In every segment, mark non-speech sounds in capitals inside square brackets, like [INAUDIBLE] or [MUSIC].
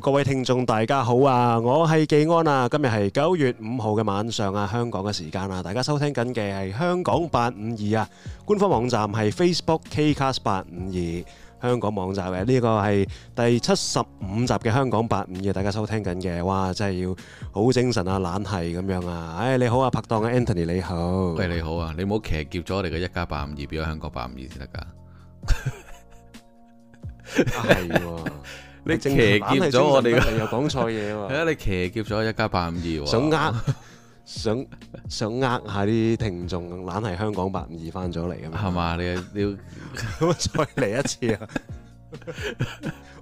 各位聽眾，大家好啊！我係紀安啊，今日係九月五號嘅晚上啊，香港嘅時間啊。大家收聽緊嘅係香港八五二啊，官方網站係 Facebook Kcast 八五二香港網站嘅呢個係第七十五集嘅香港八五二。大家收聽緊嘅，哇，真係要好精神啊，懶係咁樣啊！哎，你好啊，拍檔啊，Anthony 你好，喂，你好啊，你唔好騎劫咗我哋嘅一家八五二，變咗香港八五二先得噶，係。你騎劫咗我哋嘅朋友講錯嘢喎。係啊，你騎劫咗一加八五二喎。想呃，想想呃下啲聽眾咁，懶係香港八五二翻咗嚟啊嘛。係嘛？你你，咁再嚟一次啊！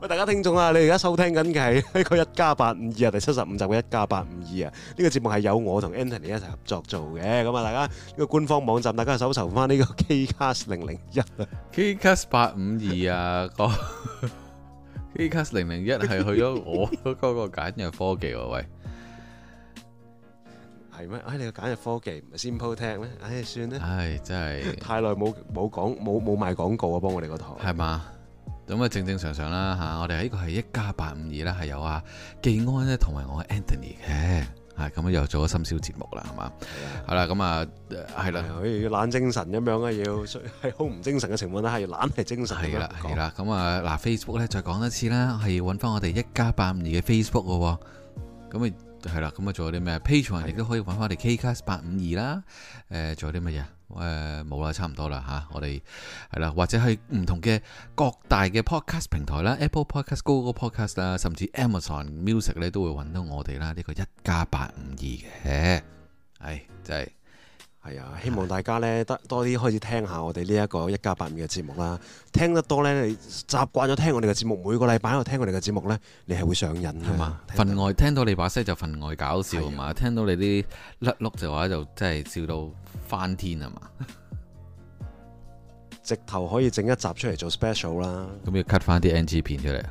喂，大家聽眾啊，你而家收聽緊嘅係呢個一加八五二啊，第七十五集嘅一加八五二啊。呢個節目係有我同 Anthony 一齊合作做嘅，咁啊，大家呢個官方網站，大家搜尋翻呢個 KCast 零零一啊，KCast 八五二啊哥。Acast 零零一係去咗我嗰個簡約科技喎，喂，係咩？哎，你個簡約科技唔係 SimpleTech 咩？唉、哎，算啦，唉、哎，真係 [LAUGHS] 太耐冇冇講冇冇賣廣告啊！幫我哋個堂係嘛，咁啊正正常常啦吓，我哋呢個係一家八五二啦，係有啊，紀安咧同埋我 Anthony 嘅。係咁、嗯、啊，又做咗深宵節目啦，係嘛？係啦，咁啊，係啦，要懶精神咁樣啊，要係好唔精神嘅情況咧，係懶係精神嚟啦，係啦，咁啊，嗱，Facebook 咧再講一次啦，係要搵翻我哋一家八五二嘅 Facebook 嘅，咁啊係啦，咁啊做咗啲咩啊？Patreon 亦都可以搵翻我哋 KCast 八五二啦，誒，做啲乜嘢？.誒，冇啦，呃，差唔多啦吓，我哋係啦，或者去唔同嘅各大嘅 podcast 平台啦，Apple Podcast、Google Podcast 啊，甚至 Amazon Music 咧，都會揾到我哋啦。呢、呢個一加八五二嘅，係就係。係啊，希望大家咧多多啲開始聽下我哋呢一個一家852嘅節目啦。聽得多咧，你習慣咗聽我哋嘅節目，每個禮拜喺度聽我哋嘅節目咧，你係會上癮係嘛？吧得份外聽到你把聲就份外搞笑係嘛？啊、聽到你啲甩碌就話就真係笑到翻天係嘛？ [LAUGHS] 直頭可以整一集出嚟做 special 啦。咁要 cut 翻啲 NG 片出嚟。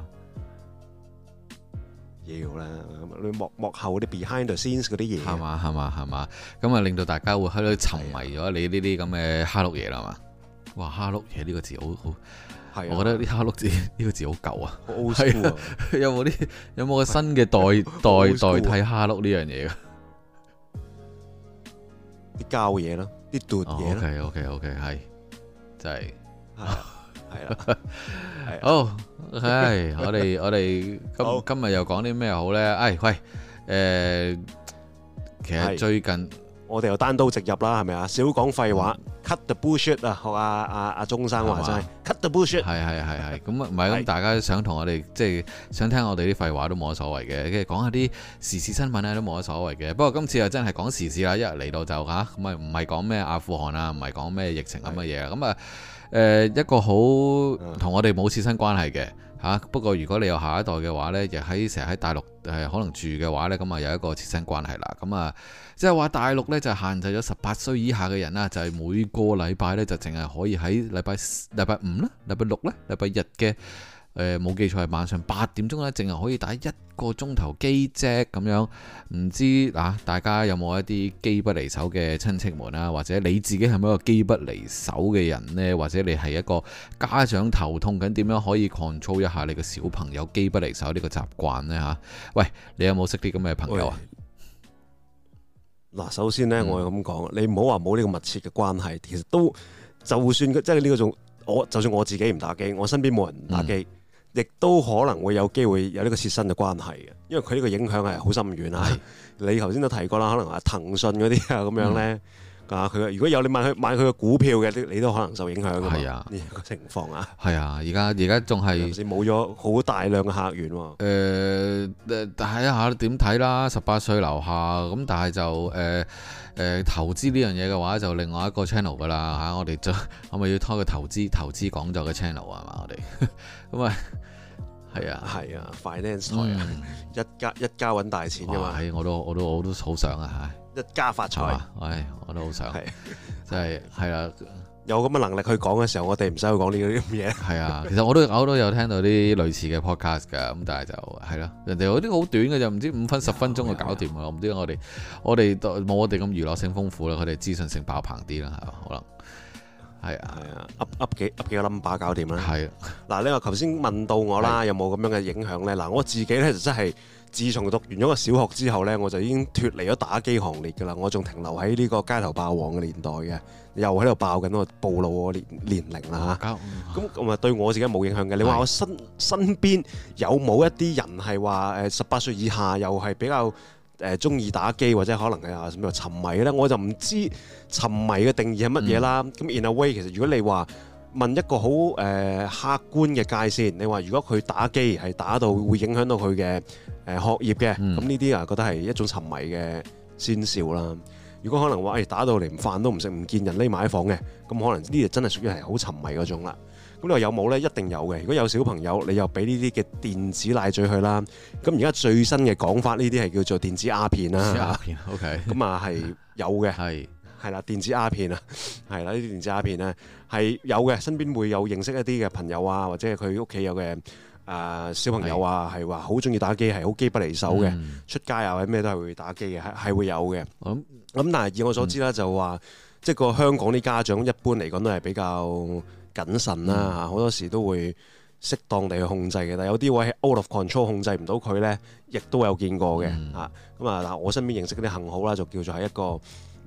嘢啦，咁啊，幕幕後嗰啲 behind the scenes 嗰啲嘢，係嘛，係嘛，係嘛，咁啊，令到大家會喺度沉迷咗你呢啲咁嘅哈碌嘢啦嘛。哇，哈碌嘢呢個字好好，係，我覺得啲哈碌字呢個字好舊啊。係啊，有冇啲有冇個新嘅代代代替哈碌呢樣嘢噶？啲膠嘢咯，啲斷嘢。OK OK OK，係，就係。係啦，好係我哋我哋今今日又講啲咩好咧？哎喂，誒，其實最近我哋又單刀直入啦，係咪啊？少講廢話，cut the bullshit 啊！學啊，阿阿鐘生話齋，cut the bullshit，係係係係，咁唔係咁大家想同我哋即係想聽我哋啲廢話都冇乜所謂嘅，跟住講下啲時事新聞咧都冇乜所謂嘅。不過今次又真係講時事啦，一嚟到就吓咁啊，唔係講咩阿富汗啊，唔係講咩疫情咁嘅嘢咁啊。誒、呃、一個好同我哋冇切身關係嘅嚇，不過如果你有下一代嘅話呢，亦喺成日喺大陸誒、呃、可能住嘅話呢，咁啊有一個切身關係啦。咁啊，即係話大陸呢就限制咗十八歲以下嘅人啦，就係、是、每個禮拜呢就淨係可以喺禮拜禮拜五咧、禮拜六咧、禮拜日嘅。誒，冇記錯係晚上八點鐘咧，淨係可以打一個鐘頭機啫咁樣。唔知嗱，大家有冇一啲機不離手嘅親戚們啊？或者你自己係咪一個機不離手嘅人呢？或者你係一個家長頭痛緊，點樣可以 control 一下你嘅小朋友機不離手呢個習慣呢？嚇、啊，喂，你有冇識啲咁嘅朋友啊？嗱，首先呢，我係咁講，嗯、你唔好話冇呢個密切嘅關係，其實都就算即係呢個仲，我就算我自己唔打機，我身邊冇人打機。嗯亦都可能會有機會有呢個切身嘅關係嘅，因為佢呢個影響係好深遠啊！嗯、 [LAUGHS] 你頭先都提過啦，可能係騰訊嗰啲啊咁樣呢。嗯佢、啊、如果有你買佢買佢嘅股票嘅，你都可能受影響嘛啊嘛呢個情況啊，係啊！而家而家仲係先冇咗好大量嘅客源喎、呃呃。但係，一下點睇啦！十八歲樓下咁，但係就誒誒投資呢樣嘢嘅話，就另外一個 channel 噶啦嚇！我哋就，再 [LAUGHS] 我咪要拖佢投資投資講座嘅 channel 啊嘛！我哋咁 [LAUGHS] 啊，係啊係啊，finance 台、嗯，一家一家揾大錢因為！我都我都我都好想啊嚇～一家發財，唉，我都好想，係真係，係啦，有咁嘅能力去講嘅時候，我哋唔使去講呢啲咁嘢。係啊，其實我都我都有聽到啲類似嘅 podcast 噶，咁但係就係咯，人哋嗰啲好短嘅就唔知五分十分鐘就搞掂啦。唔係知我哋我哋冇我哋咁娛樂性豐富啦，佢哋資訊性爆棚啲啦，係可能係啊係啊，噏噏幾個 number 搞掂啦。係嗱係，你話頭先問到我啦，係有冇咁樣嘅影響咧？嗱，我自己咧就真係。真自從讀完咗個小學之後呢，我就已經脱離咗打機行列㗎啦。我仲停留喺呢個街頭霸王嘅年代嘅，又喺度爆緊，我暴露我年年齡啦嚇。咁同埋對我自己冇影響嘅。你話我身身邊有冇一啲人係話誒十八歲以下，又係比較誒中意打機，或者可能係啊咩沉迷呢？我就唔知沉迷嘅定義係乜嘢啦。咁、嗯、in a way 其實如果你話問一個好誒、呃、客觀嘅界線，你話如果佢打機係打到會影響到佢嘅誒學業嘅，咁呢啲啊覺得係一種沉迷嘅先兆啦。如果可能話誒、欸、打到連飯都唔食，唔見人匿埋喺房嘅，咁可能呢啲真係屬於係好沉迷嗰種啦。咁你話有冇呢？一定有嘅。如果有小朋友，你又俾呢啲嘅電子奶嘴佢啦。咁而家最新嘅講法，呢啲係叫做電子鴉片啦。電子鴉片，OK。咁啊係有嘅。係。 [LAUGHS] 係啦，電子鴉片啊，係啦，呢啲電子鴉片咧係有嘅。身邊會有認識一啲嘅朋友啊，或者佢屋企有嘅誒、呃、小朋友啊，係話好鍾意打機，係好機不離手嘅。嗯、出街啊或者咩都係會打機嘅，係係會有嘅。咁咁、嗯，但係以我所知啦，嗯、就話即係個香港啲家長一般嚟講都係比較謹慎啦，好、嗯、多時都會適當地去控制嘅。但有啲位 out of control 控制唔到佢咧，亦都有見過嘅、嗯、啊。咁啊嗱，我身邊認識啲幸好啦，就叫做係一個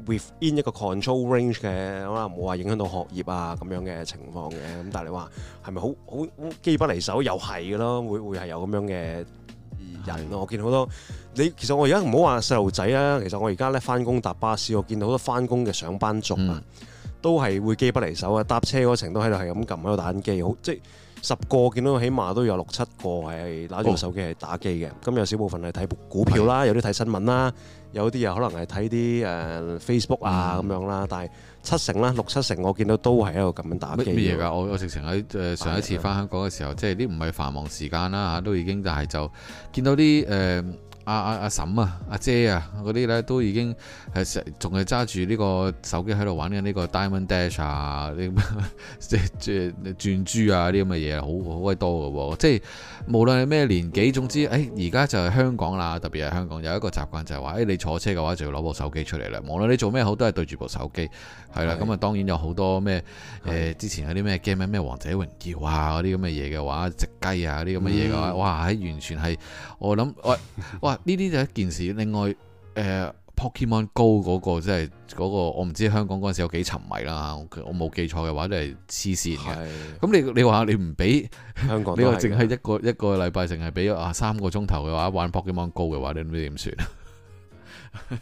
within 一個 control range 嘅，可能唔會話影響到學業啊咁樣嘅情況嘅，咁但係你話係咪好好好機不離手又係嘅咯，會會係有咁樣嘅人咯。嗯、我見好多，你其實我而家唔好話細路仔啊，其實我而家咧翻工搭巴士，我見到好多翻工嘅上班族啊，都係會機不離手啊，搭車嗰程都喺度係咁撳喺度打緊機，好即係。十個見到起碼都有六七個係拿住部手機係打機嘅，咁有少部分係睇股票啦，有啲睇新聞啦，有啲又可能係睇啲誒 Facebook 啊咁樣啦，但係七成啦六七成我見到都係喺度咁樣打機。乜嘢㗎？我我直情喺誒上一次返香港嘅時候，即係啲唔係繁忙時間啦嚇，都已經就係就見到啲誒。阿阿阿嬸啊、阿、啊啊啊、姐啊嗰啲咧，都已經係成仲係揸住呢個手機喺度玩緊呢個 Diamond Dash 啊，呢即係即係轉珠啊啲咁嘅嘢，好 [MUSIC] 好鬼多㗎喎、啊，即係。無論係咩年紀，總之，誒而家就係香港啦，特別係香港有一個習慣就係話，誒、哎、你坐車嘅話就要攞部手機出嚟啦。無論你做咩好，都係對住部手機，係啦。咁啊的，當然有好多咩誒、呃，之前有啲咩 game 咩王者榮耀啊嗰啲咁嘅嘢嘅話，食雞啊嗰啲咁嘅嘢嘅話的哇，哇！係完全係我諗，哇！呢啲就係一件事。另外，誒、呃。Pokemon Go 嗰、嗰個即係嗰個，我唔知香港嗰陣時有幾沉迷啦，我冇記錯嘅話都係黐線嘅。咁、就是、的你你話你唔俾香港，你話淨係一個一個禮拜淨係俾啊三個鐘頭嘅話玩 Pokemon Go 嘅話，你唔知點算啊？ [LAUGHS]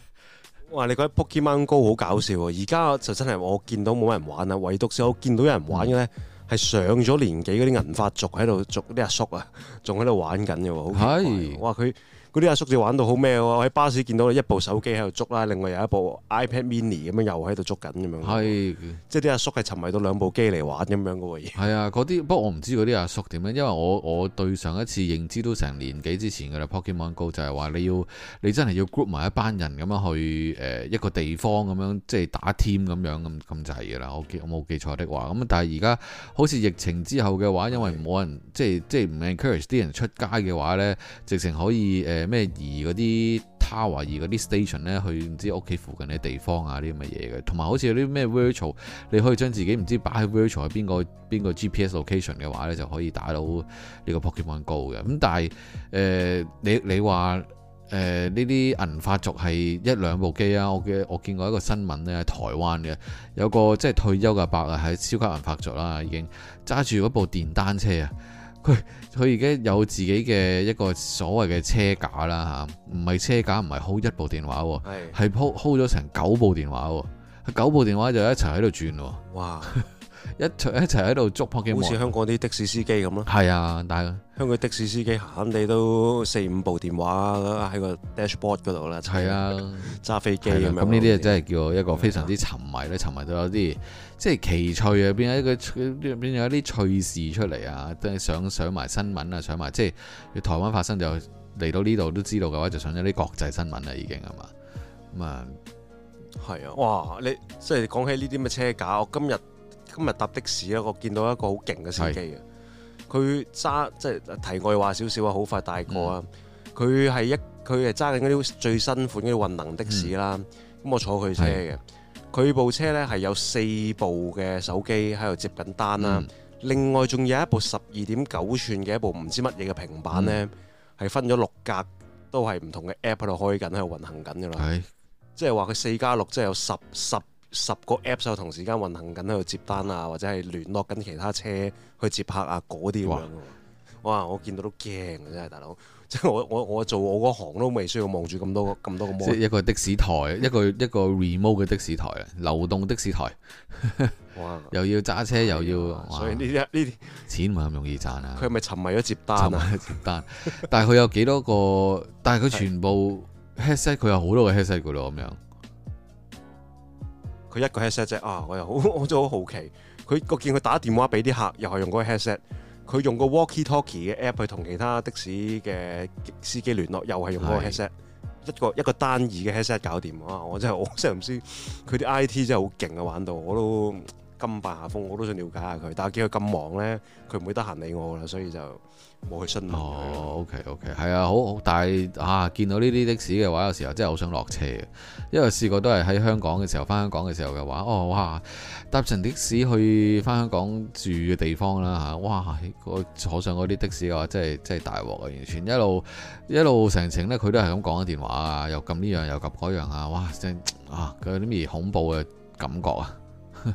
哇！你覺得 Pokemon Go 好搞笑喎！而家就真係我見到冇人玩啦，唯獨是我見到有人玩嘅咧，係、嗯、上咗年紀嗰啲銀髮族喺度，捉啲阿叔啊，仲喺度玩緊嘅。係的哇佢。哇嗰啲阿叔就玩到好咩喎？我喺巴士見到你一部手機喺度捉啦，另外有一部 iPad Mini 咁樣又喺度捉緊咁樣。係的，即係啲阿叔係沉迷到兩部機嚟玩咁樣噶喎。係啊，嗰啲不過我唔知嗰啲阿叔點樣，因為我我對上一次認知都成年幾之前噶啦。Pokemon Go 就係話你要你真係要 group 埋一班人咁樣去誒一個地方咁樣，即係打 team 咁樣咁咁滯噶啦。我冇記錯的話，咁但係而家好似疫情之後嘅話，因為冇人即係即係唔 encourage 啲人出街嘅話呢，直情可以誒。呃咩？移嗰啲 tower 嗰啲 station 咧，去唔知屋企附近嘅地方啊，啲咁嘅嘢嘅。同埋好似有啲咩 virtual，你可以將自己唔知擺喺 virtual 喺邊個邊個 GPS location 嘅話咧，就可以打到呢個 Pokemon Go 嘅。咁但係誒、呃，你你話誒呢啲銀發族係一兩部機啊？我嘅我見過一個新聞咧，係台灣嘅，有個即係退休嘅伯啊，喺超級銀發族啦，已經揸住嗰部電單車啊！佢佢而家有自己嘅一個所謂嘅車架啦嚇，唔係車架，唔係 hold 一部電話喎，係是 hold hold 咗成九部電話喎，九部電話就一齊喺度轉喎。哇 [LAUGHS] 一一齊喺度捉 Pokemon 好似香港啲的，的士司機咁咯。係啊，但係香港的士司機肯定都四五部電話喺個 dashboard 嗰度啦。係啊，揸飛機咁樣。呢啲啊真係叫一個非常之沉迷咧，啊、沉迷到有啲即係奇趣啊，變咗一個變咗一啲趣事出嚟啊，即係想上埋新聞啊，上埋即係台灣發生就嚟到呢度都知道嘅話，就上咗啲國際新聞啦，已經係嘛咁啊。係啊，哇！你即係講起呢啲咩車架，我今日。今日搭的士咧，我見到一個好勁嘅司機啊是！佢揸即係題外話少少啊，好快大個啊！佢係、嗯、一佢係揸緊啲最新款嘅混能的士啦。咁、嗯、我坐佢車嘅，佢是部車咧係有四部嘅手機喺度接緊單啦。嗯、另外仲有一部十二點九寸嘅一部唔知乜嘢嘅平板咧，係、嗯、分咗六格都，都係唔同嘅 app 喺度開緊，喺度運行緊嘅啦。是即係話佢四加六，6，即係有十十。十個 app 喺同時間運行緊喺度接單啊，或者係聯絡緊其他車去接客啊，嗰啲哇，哇！我見到都驚，真係大佬，即 [LAUGHS] 係我我我做我嗰行都未需要望住咁多咁多咁。即係一個的士台，嗯、一個一個，個 remote 嘅的，的士台，流動的士台。 [LAUGHS] 哇又要揸車的又要，所以呢啲呢啲錢唔係咁容易賺啊。佢係咪沉迷咗接、啊、接單？沉迷咗接單，但係佢有幾多個？但係佢全部 h a 佢有好多個 h a 咯，咁樣。佢一個 headset 啫，啊！我又好，我真係好好奇。佢個見佢打電話俾啲客，又係用嗰個 headset。佢用個 walkie-talkie 嘅 app 去同其他的士嘅司機聯絡，又係用嗰個 headset。是一個一個單耳嘅 headset 搞掂啊！我真係我真係唔知，佢啲 IT 真係好勁啊！玩到我都～咁霸下風，我都想了解下佢，但係見佢咁忙咧，佢唔會得閒理我噶啦，所以就冇去詢問。哦，OK，OK，係啊，好好，但係啊，見到呢啲的士嘅話，有時候真係好想落車。因為試過都係喺香港嘅時候，翻香港嘅時候嘅話，哦哇，搭乘的士去翻香港住嘅地方啦嚇、啊，哇，坐上嗰啲的士嘅話，真係真係大鑊啊！完全一路一路成程呢，佢都係咁講緊電話啊，又撳呢樣又撳嗰樣啊，哇，真係啊，佢有啲咩恐怖嘅感覺啊！ [LAUGHS]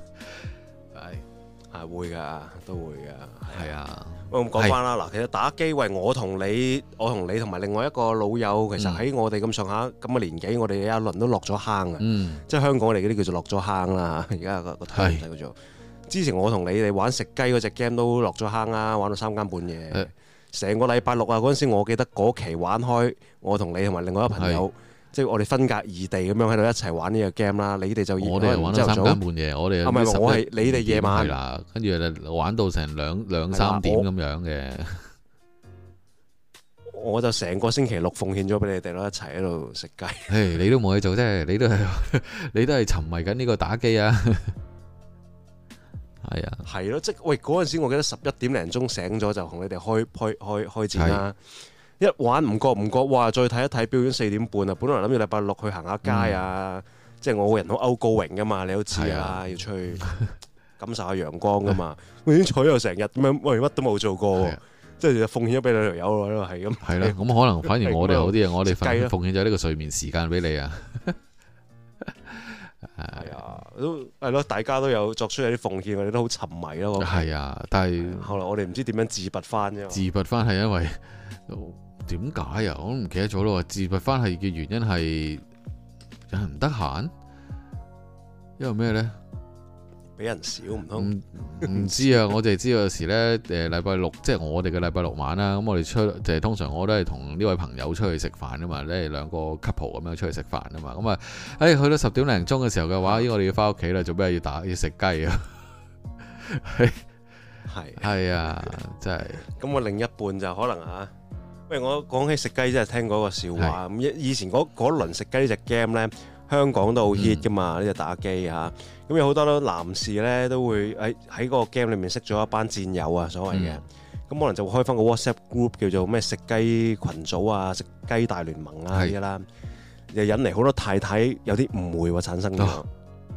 啊，會㗎，都會㗎，係啊。咁講返啦。嗱是，其實打機為我同你，我同你同埋另外一個老友，其實喺我哋咁上下咁嘅年紀，我哋一輪都落咗坑㗎。即係香港嚟嗰啲叫做落咗坑啦。而家個個體嚟叫做。之前我同你哋玩食雞嗰隻 game 都落咗坑啊，玩到三更半夜，成個禮拜六啊嗰陣時，我記得嗰期玩開，我同你同埋另外一個朋友。即係我哋分隔異地咁樣喺度一齊玩呢個 game 啦，你哋就我哋玩咗三更半夜，上我哋啊，唔係我係你哋夜晚啦，跟住玩到成兩兩的三點咁樣嘅。我就成個星期六奉獻咗俾你哋咯，一齊喺度食雞 [LAUGHS] 你都冇嘢做啫，你都係你都係沉迷緊呢個打機啊。係 [LAUGHS] 啊。 [LAUGHS] [LAUGHS] [LAUGHS] 係咯呀，即係喂，嗰陣時，我記得十一點零鐘醒咗就同你哋開開開開戰啦、啊。的 [LAUGHS] 一玩唔覺唔覺，哇！再睇一睇表演，四點半啊！本來諗住禮拜六去行下街啊，即係我個人好歐高榮噶嘛，你都知啊，要出去感受下陽光噶嘛。我已經坐咗成日，點樣喂，乜都冇做過，即係奉獻咗俾兩條友咯，係咁。係咯，咁可能反而我哋好啲啊，我哋奉獻咗呢個睡眠時間俾你啊。係啊，係咯，大家都有作出一啲奉獻，你都好沉迷咯。係啊，但係後來我哋唔知點樣自拔翻啫。自拔翻係因為。點解啊？我都唔記得咗咯。自罰翻去嘅原因係有人唔得閒，因為咩呢？俾人少唔通？唔知啊！ [LAUGHS] 我哋知有時呢，誒、呃，禮拜六即係、就是、我哋嘅禮拜六晚啦。咁我哋出就係通常我都係同呢位朋友出去食飯啊嘛。你係兩個 couple 咁樣出去食飯啊嘛。咁、哎、啊，誒，去到十點零鐘嘅時候嘅話，依我哋要翻屋企啦。做咩要打要食雞啊？係係啊，真 [NOISE] 係樂。咁我另一半就可能啊。喂，我講起食雞真係，聽過一個笑話咁。是以前嗰輪食雞呢隻 game 咧，香港都好 hit 噶嘛，呢隻、嗯、打機嚇。咁有好多男士咧都會喺喺個 game 裏面識咗一班戰友啊，所謂嘅。咁、嗯、可能就會開翻個 WhatsApp group 叫做咩食雞群組啊、食雞大聯盟啊啲是啦，又引嚟好多太太有啲誤會喎、啊、產生咁。哦。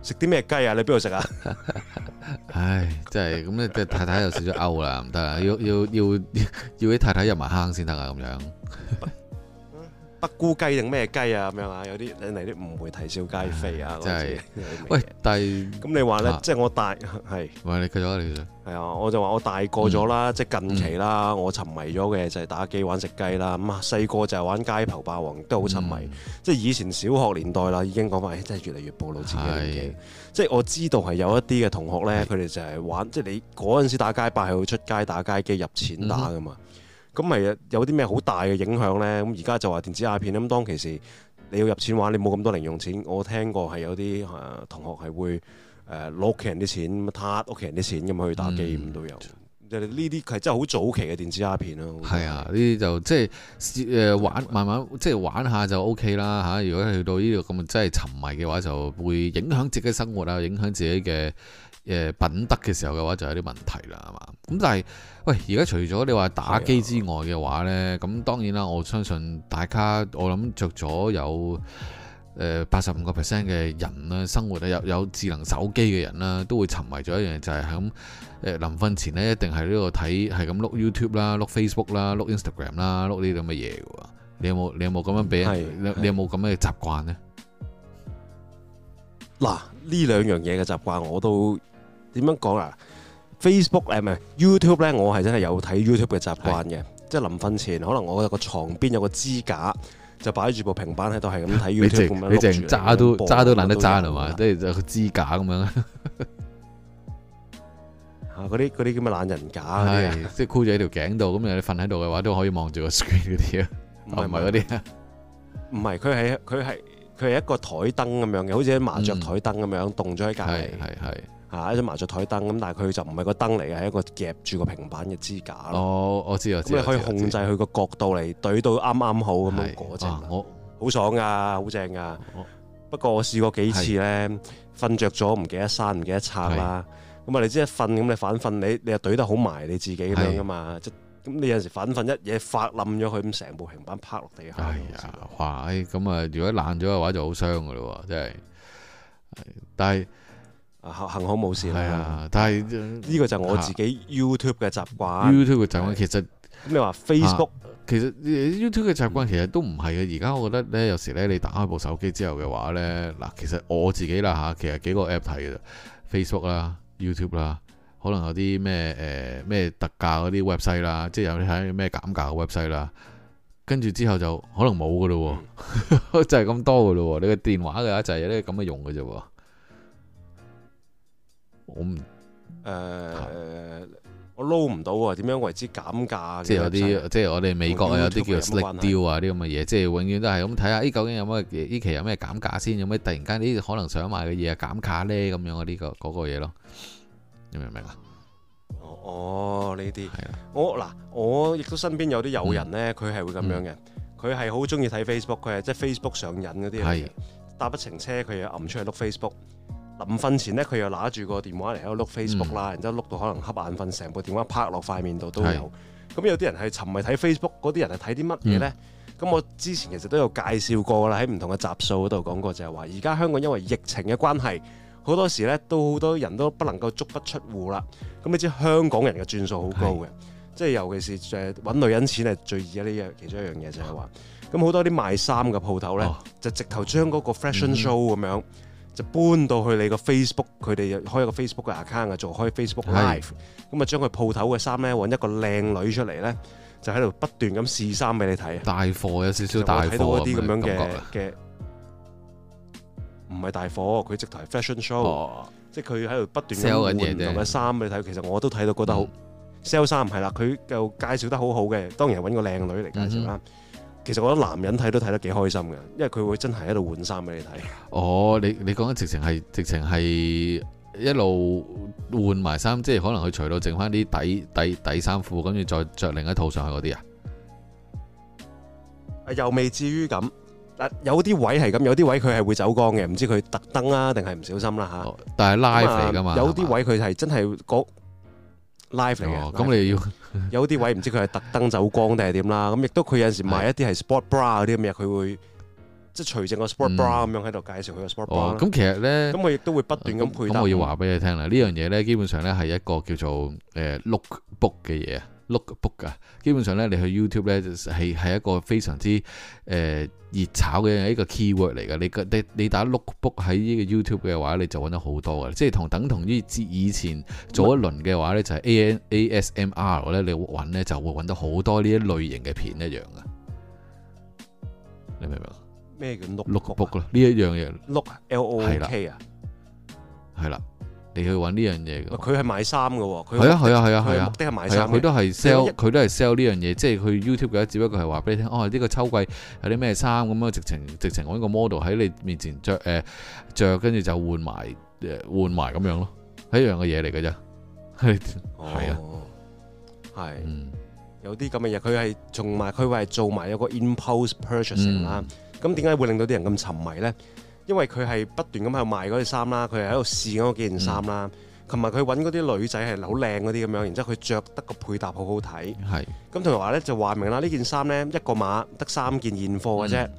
食啲咩雞啊？你邊度食啊？ [LAUGHS] 唉，真係咁你太太又食咗歐啦，唔得啦，要要要要啲太太入埋坑先得啊，咁樣。 [LAUGHS] 北菇雞定咩雞啊？咁樣啊，有啲你嚟啲誤會啼笑皆非啊！真係，喂，但咁你話咧，即係我大係，喂，你計咗你嘅，係啊，我就話我大過咗啦，即係近期啦，我沉迷咗嘅就係打機玩食雞啦。咁啊，細個就係玩街頭霸王都好沉迷。即係以前小學年代啦，已經講翻，誒真係越嚟越暴露自己嘅。即係我知道係有一啲嘅同學咧，佢哋就係玩，即係你嗰陣時打街霸係會出街打街機入錢打㗎嘛。咁咪有啲咩好大嘅影響咧？咁而家就話電子鴉片咧，咁當其時你要入錢玩，你冇咁多零用錢。我聽過係有啲同學係會誒攞屋企人啲錢，攤屋企人啲錢咁去打機，咁都、嗯、有。就呢啲係真係好早期嘅電子鴉片咯。係、嗯、啊，呢啲就即係誒玩慢慢即係玩下就 O、OK、K 啦嚇。如果去到呢度咁真係沉迷嘅話，就會影響自己嘅生活啊，影響自己嘅。嗯誒品德嘅時候嘅話就有啲問題啦，係嘛？咁但係，喂，而家除咗你話打機之外嘅話呢，咁的當然啦，我相信大家，我諗着咗有誒八十五個 percent 嘅人啦，生活啊有有智能手機嘅人啦，都會沉迷咗一樣就係喺誒臨瞓前呢，一定係呢個睇係咁碌 YouTube 啦，碌 YouTube 啦，碌 Facebook 啦，碌 Instagram 啦，碌呢啲咁嘅嘢嘅喎。你有冇你有冇咁樣俾的你有冇咁樣嘅習慣呢？嗱，呢兩樣嘢嘅習慣我都。點樣講啊？Facebook 咧，唔係 YouTube 咧 you，我係真係有睇 YouTube 嘅習慣嘅。即係臨瞓前，可能我邊有個床邊有個支架，就擺住部平板喺度，係咁睇 YouTube。你淨揸都揸都懶得揸係嘛？即係就個支架咁樣。吓、啊，嗰啲嗰啲叫咩懶人架？即係箍住喺條頸度，咁你瞓喺度嘅話都可以望住個 screen 嗰啲啊。唔係嗰啲唔係，佢係佢係佢係一個台燈咁樣嘅，好似啲麻雀台燈咁樣，動咗喺隔籬。係係。啊、一張麻雀台燈咁，但係佢就唔係個燈嚟嘅，係一個夾住個平板嘅支架咯。我知我知，咁可以控制佢個角度嚟懟、哦、到啱啱好咁樣嗰隻。好爽噶，好正噶。哦、不過我試過幾次咧，瞓着咗唔記得閂唔記得拆啦。咁啊是、嗯，你知一瞓咁，你反瞓你你又懟得好埋你自己咁樣噶嘛。咁是你有陣時反瞓一嘢發冧咗佢，咁成部平板趴落地下。係啊、哎哎，哇！咁啊，如果爛咗嘅話就好傷噶咯，真係。但係，幸好冇事係啊，但係呢、啊、個就我自己 YouTube 嘅習慣。啊、YouTube 嘅習慣、啊、其實咩話 Facebook，其實 YouTube 嘅習慣其實都唔係嘅。而家、嗯、我覺得咧，有時咧你打開部手機之後嘅話咧，嗱，其實我自己啦吓，其實幾個 app 睇嘅，Facebook 啦、YouTube 啦，可能有啲咩誒咩特價嗰啲 website 啦，即係有啲係咩減價嘅 website 啦，跟住之後就可能冇噶咯，嗯、 [LAUGHS] 就係咁多噶咯。你個電話嘅就係咧咁嘅用嘅啫。我唔，誒，我撈唔到啊！點樣為之減價？即係有啲，即係我哋美國有啲叫 slick deal 啊，啲咁嘅嘢，即係永遠都係咁睇下，誒，究竟有咩，呢期有咩減價先？有咩突然間呢？可能想買嘅嘢減價咧，咁樣啊？呢個嗰個嘢咯，你明唔明啊？哦，呢啲，我嗱，我亦都身邊有啲友人咧，佢係會咁樣嘅，佢係好中意睇 Facebook，佢係即係 Facebook 上癮嗰啲，係搭不程車佢又揞出去碌 Facebook。臨瞓前咧，佢又拿住、嗯、個電話嚟喺度碌 Facebook 啦，然之後碌到可能瞌眼瞓，成部電話趴落塊面度都有。咁是有啲人係沉迷睇 Facebook，嗰啲人係睇啲乜嘢呢？咁、嗯、我之前其實都有介紹過啦，喺唔同嘅集數嗰度講過，就係話而家香港因為疫情嘅關係，好多時咧都好多人都不能夠足不出戶啦。咁你知香港人嘅轉數好高嘅，即係是尤其是揾女人錢係最易嘅一樣，其中一樣嘢就係話，咁好、啊、多啲賣衫嘅鋪頭呢，哦、就直頭將嗰個 fashion show 咁樣。嗯就搬到去你個 Facebook，佢哋又開一個 Facebook 嘅 account 啊，做開 Facebook live，咁啊將佢鋪頭嘅衫咧揾一個靚女出嚟咧，就喺度不斷咁試衫俾你睇。大貨有少少大貨我睇到一啲咁樣嘅嘅，唔係大貨，佢直頭係 fashion show，即係佢喺度不斷換唔同嘅衫俾你睇。其實我都睇到覺得好 sell 衫唔係啦，佢、嗯、就介紹得好好嘅，當然揾個靚女嚟介紹啦。嗯其實我覺得男人睇都睇得幾開心嘅，因為佢會真係喺度換衫俾你睇。哦，你你講緊直情係直情係一路換埋衫，即係可能佢除到剩翻啲底底底衫褲，跟住再着另一套上去嗰啲啊？又未至於咁，但有啲位係咁，有啲位佢係會走光嘅，唔知佢特登啊，定係唔小心啦、啊、吓、哦？但係 live 嚟噶嘛，有啲位佢係真係嗰吧 live 嚟咁我要。 [LAUGHS] [LAUGHS] 有啲位唔知佢係特登走光定係點啦，咁亦都佢有陣時賣一啲係 sport bra 嗰啲咁嘅嘢，佢會即係除正個 sport bra 咁樣喺度介紹佢個 sport bra。咁其實咧，咁我亦都會不斷咁配咁、嗯嗯嗯、我要話俾你聽啦，呢樣嘢咧，基本上咧係一個叫做誒、呃、look book 嘅嘢。look book 噶，基本上咧，你去 YouTube 咧，係係一個非常之誒、呃、熱炒嘅一個 keyword 嚟嘅。你你你打 Lookbook 喺呢個 YouTube 嘅話，你就揾到好多嘅。即係同等同於自以前做一輪嘅話咧麼，就係 A N A S M R 咧，你揾咧就會揾到好多呢一類型嘅片一樣嘅。你明唔明？咩叫 Lookbook 咯？呢一、啊、樣嘢 look L O K 了啊，係啦。你去揾呢樣嘢嘅，佢係買衫嘅喎，係啊係啊係啊係啊，啊啊目的係買衫，佢都係 sell，佢都係 sell 呢樣嘢，即係佢 YouTube 嘅只不過係話俾你聽，哦呢、呢個秋季有啲咩衫咁啊，直情直情我呢個 model 喺你面前、呃、着，誒著，跟住就換埋誒換埋咁樣咯，係一,一樣嘅嘢嚟嘅啫，係，係啊，係，有啲咁嘅嘢，佢係仲埋佢會係做埋一個 impulse purchasing 啦，咁點解會令到啲人咁沉迷咧？因為佢係不斷咁喺度賣嗰對衫啦，佢係喺度試嗰幾件衫啦，同埋佢揾嗰啲女仔係好靚嗰啲咁樣，然之後佢着得個配搭好好睇。咁是同埋話呢就話明啦，件呢件衫呢一個碼得三件現貨嘅啫。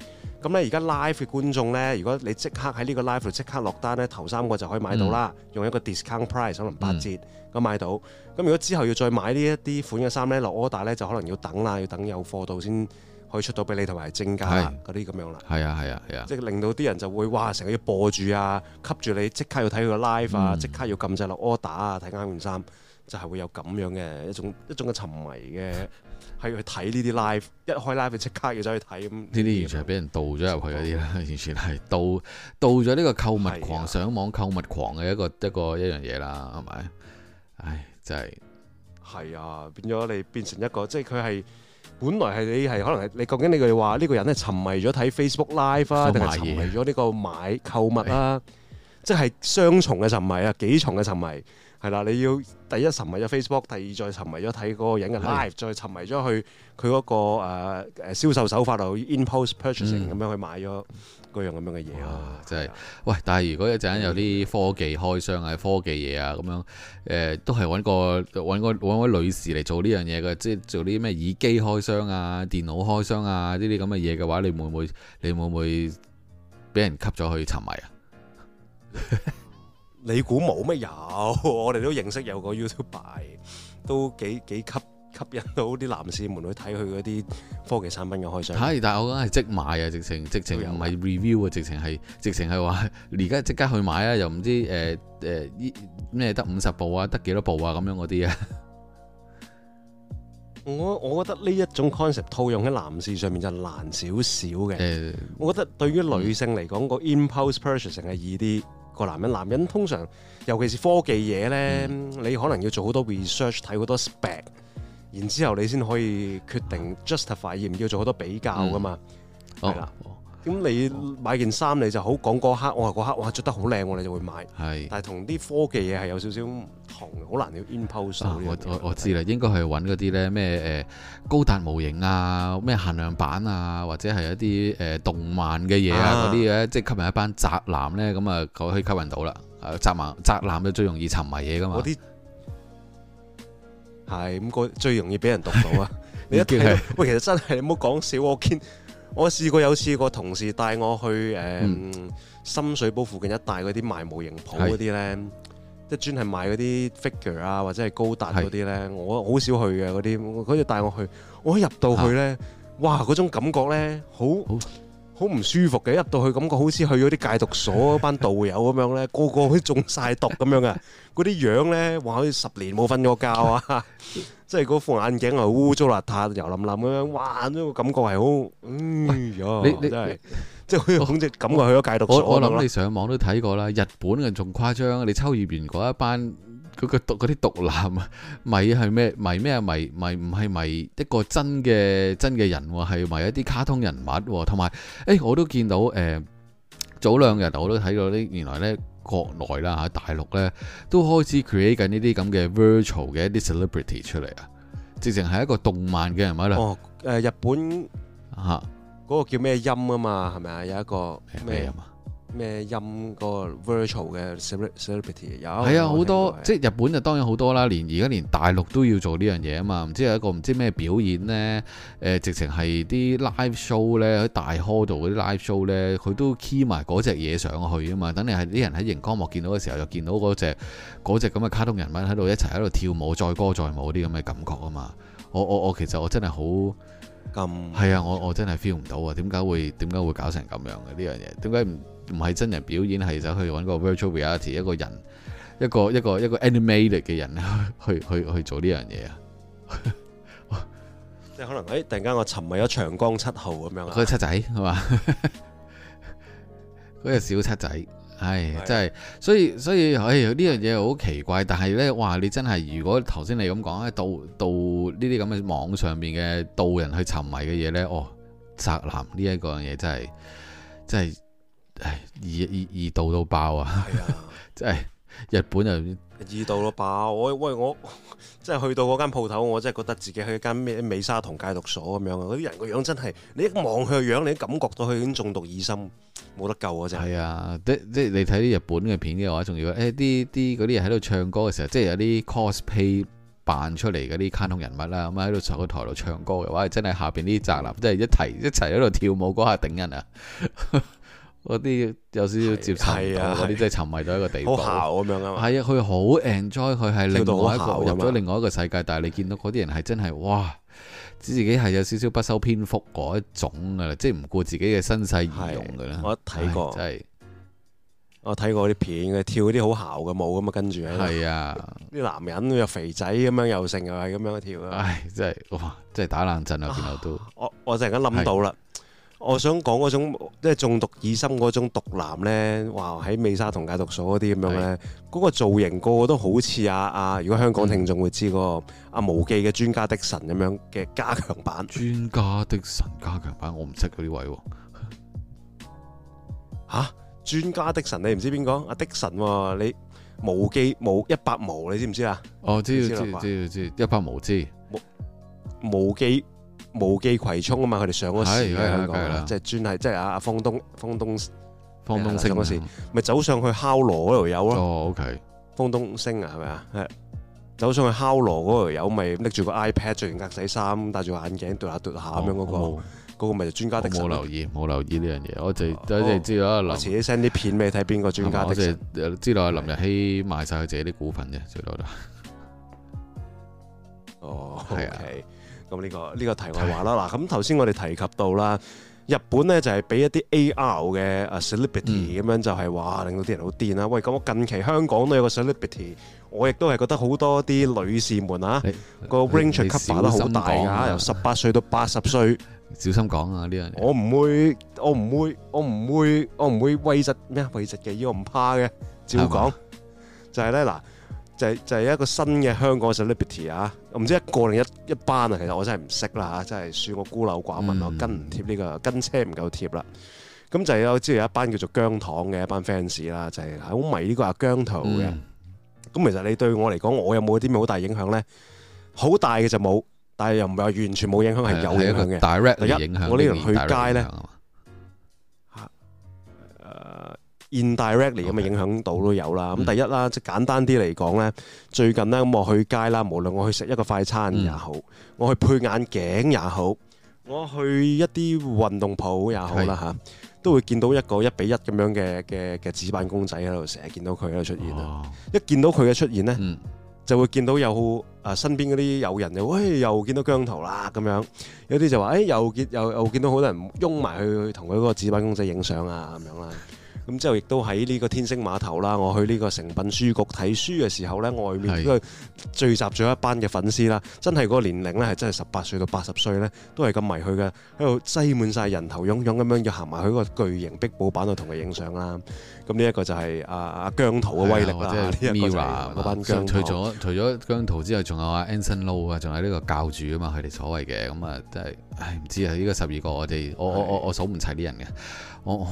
咁呢而家 live 嘅觀眾呢，如果你即刻喺呢個 live 度即刻落單呢，頭三個就可以買到啦，嗯、用一個 discount price 可能八折咁、嗯、買到。咁如果之後要再買呢一啲款嘅衫呢，落 order 呢就可能要等啦，要等有貨到先。可以出到俾你同埋正價嗰啲咁樣啦，係啊係啊係啊，即係令到啲人就會哇成日要播住啊，吸住你即刻要睇佢個 live 啊，即刻要撳掣落 order 啊，睇啱件衫就係會有咁樣嘅一種一種嘅沉迷嘅，係去睇呢啲 live，一開 live 即刻要走去睇咁，呢啲完全係俾人導咗入去嗰啲啦，完全係導導咗呢個購物狂、上網購物狂嘅一個一個一樣嘢啦，係咪？唉，真係係啊，變咗你變成一個即係佢係。本來係你係可能係你究竟你話呢個人咧沉迷咗睇 Facebook Live 啊，定係沉迷咗呢個買購物啊？是的 即係雙重嘅沉迷啊，幾重嘅沉迷係啦？你要第一沉迷咗 Facebook，第二再沉迷咗睇嗰個人嘅 Live，< 是的 S 1> 再沉迷咗去佢嗰、嗰個誒誒、啊、銷售手法度 in post purchasing 咁樣、嗯、去買咗。嗰樣咁樣嘅嘢啊，真係、啊、喂！但係如果一陣間有啲科技開箱啊、科技嘢啊咁樣，誒、呃、都係揾個揾個揾個女士嚟做呢樣嘢嘅，即係做啲咩耳機開箱啊、電腦開箱啊呢啲咁嘅嘢嘅話，你會唔會你會唔會俾人吸咗去沉迷啊？ [LAUGHS] 你估冇咩有？ [LAUGHS] 我哋都認識有個 YouTube 都幾幾吸。吸引到啲男士們去睇佢嗰啲科技產品嘅開箱嚇、啊，但係我覺得係即買啊，直情直情又唔係 review 啊，直情係直情係話而家即刻去買啊，又唔知誒誒依咩得五十部啊，得幾多部啊咁樣嗰啲啊。我我覺得呢一種 concept 套用喺男士上面就難少少嘅。欸、我覺得對於女性嚟講、嗯、個 impulse purchase 成係易啲過男人。男人通常尤其是科技嘢咧，嗯、你可能要做好多 research 睇好多 spec。然之後你先可以決定 justify，要唔要做好多比較噶嘛，係咁你買件衫你就好講嗰、哦、刻，我話嗰刻哇著得好靚，我哋就會買。係是。但係同啲科技嘢係有少少唔同，好難要 impose、啊。我我，我知啦，應該係揾嗰啲咧咩誒高達模型啊，咩限量版啊，或者係一啲誒、呃、動漫嘅嘢啊嗰啲咧，即係吸引一班宅男咧，咁啊佢可以吸引到啦。宅男宅男就最容易沉迷嘢噶嘛。係，咁個最容易俾人讀到啊！你一定到，喂，其實真係唔好講笑，我見我試過有試過同事帶我去誒、呃嗯、深水埗附近一帶嗰啲賣模型鋪嗰啲咧，即係是的 專係賣嗰啲 figure 啊，或者係高達嗰啲咧，是的 我好少去嘅嗰啲，佢哋帶我去，我一入到去咧，啊、哇，嗰種感覺咧，好～好唔舒服嘅，入到去感覺好似去咗啲戒毒所嗰班道友咁樣咧，個個都中曬毒咁樣啊！嗰啲樣咧，話好似十年冇瞓過覺啊，即係嗰副眼鏡啊，污糟邋遢，油淋淋咁樣，哇！咁樣感覺係好，嗯，你你真係即係好似感覺去咗戒毒所。我我諗你上網都睇過啦，日本人仲誇張，你秋葉原嗰一班。佢個毒嗰啲毒男咪係咩？咪咩啊？咪咪唔係咪一個真嘅真嘅人喎？係咪一啲卡通人物喎？同埋，誒、欸、我都見到誒、欸、早兩日我都睇到呢，原來咧國內啦嚇、啊、大陸咧都開始 create 緊呢啲咁嘅 virtual 嘅一啲 celebrity 出嚟啊！直情係一個動漫嘅人物啦？哦，誒、呃、日本嚇嗰、啊、個叫咩音啊嘛？係咪啊？有一個咩音？咩音個 virtual 嘅 celebrity 有係啊，好多，即係日本就當然好多啦，連而家連大陸都要做呢樣嘢啊嘛，唔知係一個唔知咩表演呢？誒、呃、直情係啲 live show 呢，喺大 hall 度嗰啲 live show 呢，佢都 key 埋嗰隻嘢上去啊嘛，等你係啲人喺熒光幕見到嘅時候，就見到嗰隻嗰隻咁嘅卡通人物喺度一齊喺度跳舞，載歌載舞啲咁嘅感覺啊嘛，我我我其實我真係好咁係啊，我我真係 feel 唔到啊，點解會點解會搞成咁樣嘅呢樣嘢？點解唔？唔係真人表演，係就去揾個 virtual reality 一個人，一個一個一個 animated 嘅人去去去做呢樣嘢啊！即 [LAUGHS] 係可能，哎，突然間我沉迷咗《長江七號》咁樣，佢嗰七仔係嘛，佢 [LAUGHS] 個小七仔，係的真係，所以所以，哎，呢樣嘢好奇怪，但係呢，哇！你真係如果頭先你咁講咧，到到呢啲咁嘅網上面嘅導人去沉迷嘅嘢呢，哦，宅男呢一樣嘢真係真係。真二二度到爆啊！係啊，即係 [LAUGHS] 日本又人二度咯爆，啊！我喂我，即係去到嗰間鋪頭，我真係覺得自己去一間咩美沙酮戒毒所咁樣，嗰啲人個樣真係，你一望佢個樣，你感覺到佢已經中毒已深，冇得救嘅、啊、啫。係啊，即即係你睇啲日本嘅片嘅話，仲要誒啲啲嗰啲人喺度唱歌嘅時候，即係有啲 cosplay 扮出嚟嗰啲卡通人物啦，咁喺度台個台度唱歌嘅話，真係下邊啲宅男真係一齊一齊喺度跳舞嗰下頂人啊！ [LAUGHS] 嗰啲有少少接觸到，嗰啲真係沉迷到一個地步，好姣咁樣啊！係啊，佢好 enjoy，佢係另外一個入咗另外一個世界。但係你見到嗰啲人係真係哇，自己係有少少不修邊幅嗰一種噶啦，即係唔顧自己嘅身世儀容噶啦。我睇過，真係我睇過啲片，佢跳啲好姣嘅舞咁啊，跟住係啊，啲男人又肥仔咁樣又成，又係咁樣跳啊！唉，真係哇，真係打冷震啊！見到都我我陣間諗到啦～我想講嗰種即係中毒已深嗰種毒男咧，哇！喺美沙酮戒毒所嗰啲咁樣咧，嗰是的 個造型個個都好似阿、啊、阿、啊，如果香港聽眾會知個阿毛記嘅專家 Dickson 咁樣嘅加強版。專家 Dickson 加強版，我唔識嗰啲位喎、啊。嚇、啊！專家 Dickson，ixon, 你唔知邊個？阿 Dickson 喎，你毛記毛一百毛，你知唔知啊？我知、哦，知，知，知，知，知，一百毛知。毛記。毛記葵涌啊嘛，佢哋上嗰時喺香港嘅啦，即係專係即係阿阿方東方東方東昇嗰時，咪走上去敲鑼嗰度有咯。O K、哦。方、okay、東昇啊，係咪啊？係走上去敲鑼嗰度有，咪拎住個 iPad 着完格仔衫，戴住眼鏡，嘟下嘟下咁樣嗰個嗰個咪就係專家的。冇留意，冇留意呢樣嘢，我就、哦、我就知啦。臨時 send 啲片俾你睇，邊個專家的？我知道阿林日曦賣晒佢自己啲股份嘅最多啦。哦，係、okay、啊。 [LAUGHS] 咁呢、這個呢、這個題外話啦，嗱咁頭先我哋提及到啦，日本咧就係俾一啲 A.R. 嘅啊 celebrity 咁樣就係話令到啲人好癲啦。喂，咁我近期香港都有個 celebrity，我亦都係覺得好多啲女士們你啊，個 range cover 都好大噶，的由十八歲到八十歲，小心講啊呢樣嘢。這個、我唔會，我唔會，我唔會，我唔會,會,會,會威實咩威實嘅，這個、我唔怕嘅，照講就係咧嗱。就係就係一個新嘅香港嘅 celebrity 啊！我唔知一個定一一班啊，其實我真係唔識啦嚇，真係算我孤陋寡聞咯，跟唔貼呢個跟車唔夠貼啦。咁就有之前有一班叫做姜糖嘅一班 fans 啦，就係好迷呢個阿姜濤嘅。咁其實你對我嚟講，我有冇啲咩好大影響咧？好大嘅就冇，但係又唔係話完全冇影響，係有影響嘅。第一，我呢輪去街咧。indirectly 咁啊，影響到都有啦。咁 Okay. 第一啦，即係簡單啲嚟講咧，嗯、最近咧咁我去街啦，無論我去食一個快餐也好，嗯、我去配眼鏡也好，我去一啲運動鋪也好啦嚇，是都會見到一個一比一咁樣嘅嘅嘅紙板公仔喺度，成日見到佢喺度出現啊！哦、一見到佢嘅出現咧，嗯、就會見到有啊身邊嗰啲友人就，喂、哎，又見到姜濤啦咁樣，有啲就話，誒、哎，又見又又見到好多人擁埋去同佢嗰個紙板公仔影相啊咁樣啦。咁之後，亦都喺呢個天星碼頭啦。我去呢個誠品書局睇書嘅時候呢，外面都、那個、是聚集咗一班嘅粉絲啦，真係嗰個年齡呢，係真係十八歲到八十歲呢，都係咁迷佢嘅，喺度擠滿晒人頭湧湧，擁擁咁樣要行埋去嗰個巨型壁布板度同佢影相啦。咁呢一個就係阿阿姜濤嘅威力或者係 Mirror 嗰班姜除咗除咗姜濤之外，仲有阿 Anson Lo 啊，仲有呢個教主啊嘛，佢哋所謂嘅咁啊，真係唉唔知啊！呢、這個十二個我哋我我我我數唔齊啲人嘅，我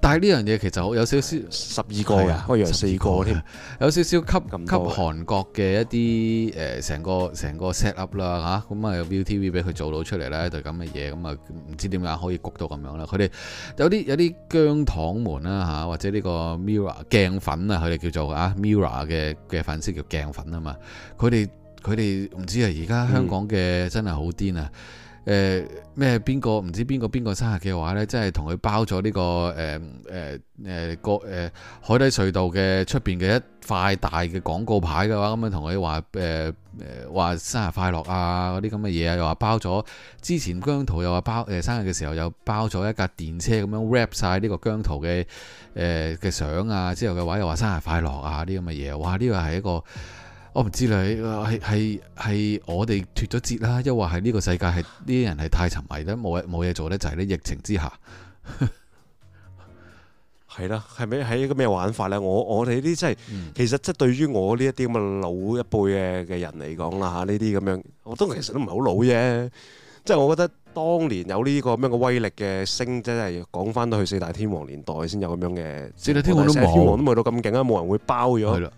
但係呢樣嘢其實有少少十二個啊，我以為四個添，有少少吸吸韓國嘅一啲誒成個成個 set up 啦吓咁啊 ViuTV 俾佢做到出嚟咧就咁嘅嘢，咁啊唔知點解可以焗到咁樣啦？佢哋有啲有啲姜糖門啦吓、啊，或者呢、這個。m i r a 鏡粉，粉，粉、嗯、啊，佢哋叫做啊 Mirror 嘅嘅粉絲叫鏡粉啊嘛，佢哋佢哋唔知啊，而家香港嘅真係好癲啊。誒咩邊個唔知邊個邊個生日嘅話呢，即係同佢包咗呢、這個誒誒誒個誒海底隧道嘅出邊嘅一塊大嘅廣告牌嘅話，咁樣同佢話誒誒話生日快樂啊嗰啲咁嘅嘢啊，又話包咗之前姜濤又話包誒、呃、生日嘅時候又包咗一架電車咁樣 wrap 晒呢個姜濤嘅誒嘅相啊，之後嘅話又話生日快樂啊啲咁嘅嘢，哇！呢個係一個～我唔知你係係係我哋脫咗節啦，抑或係呢個世界係呢啲人係太沉迷咧，冇嘢冇嘢做咧，就係、是、咧疫情之下，係 [LAUGHS] 啦，係咪喺一個咩玩法咧？我我哋呢啲真係，嗯、其實即係對於我呢一啲咁嘅老一輩嘅嘅人嚟講啦，吓呢啲咁樣，我都其實都唔係好老嘅，即、就、係、是、我覺得當年有呢個咁樣嘅威力嘅星，真係講翻到去四大天王年代先有咁樣嘅四大天王，四大天王都冇到咁勁啊，冇人會包咗。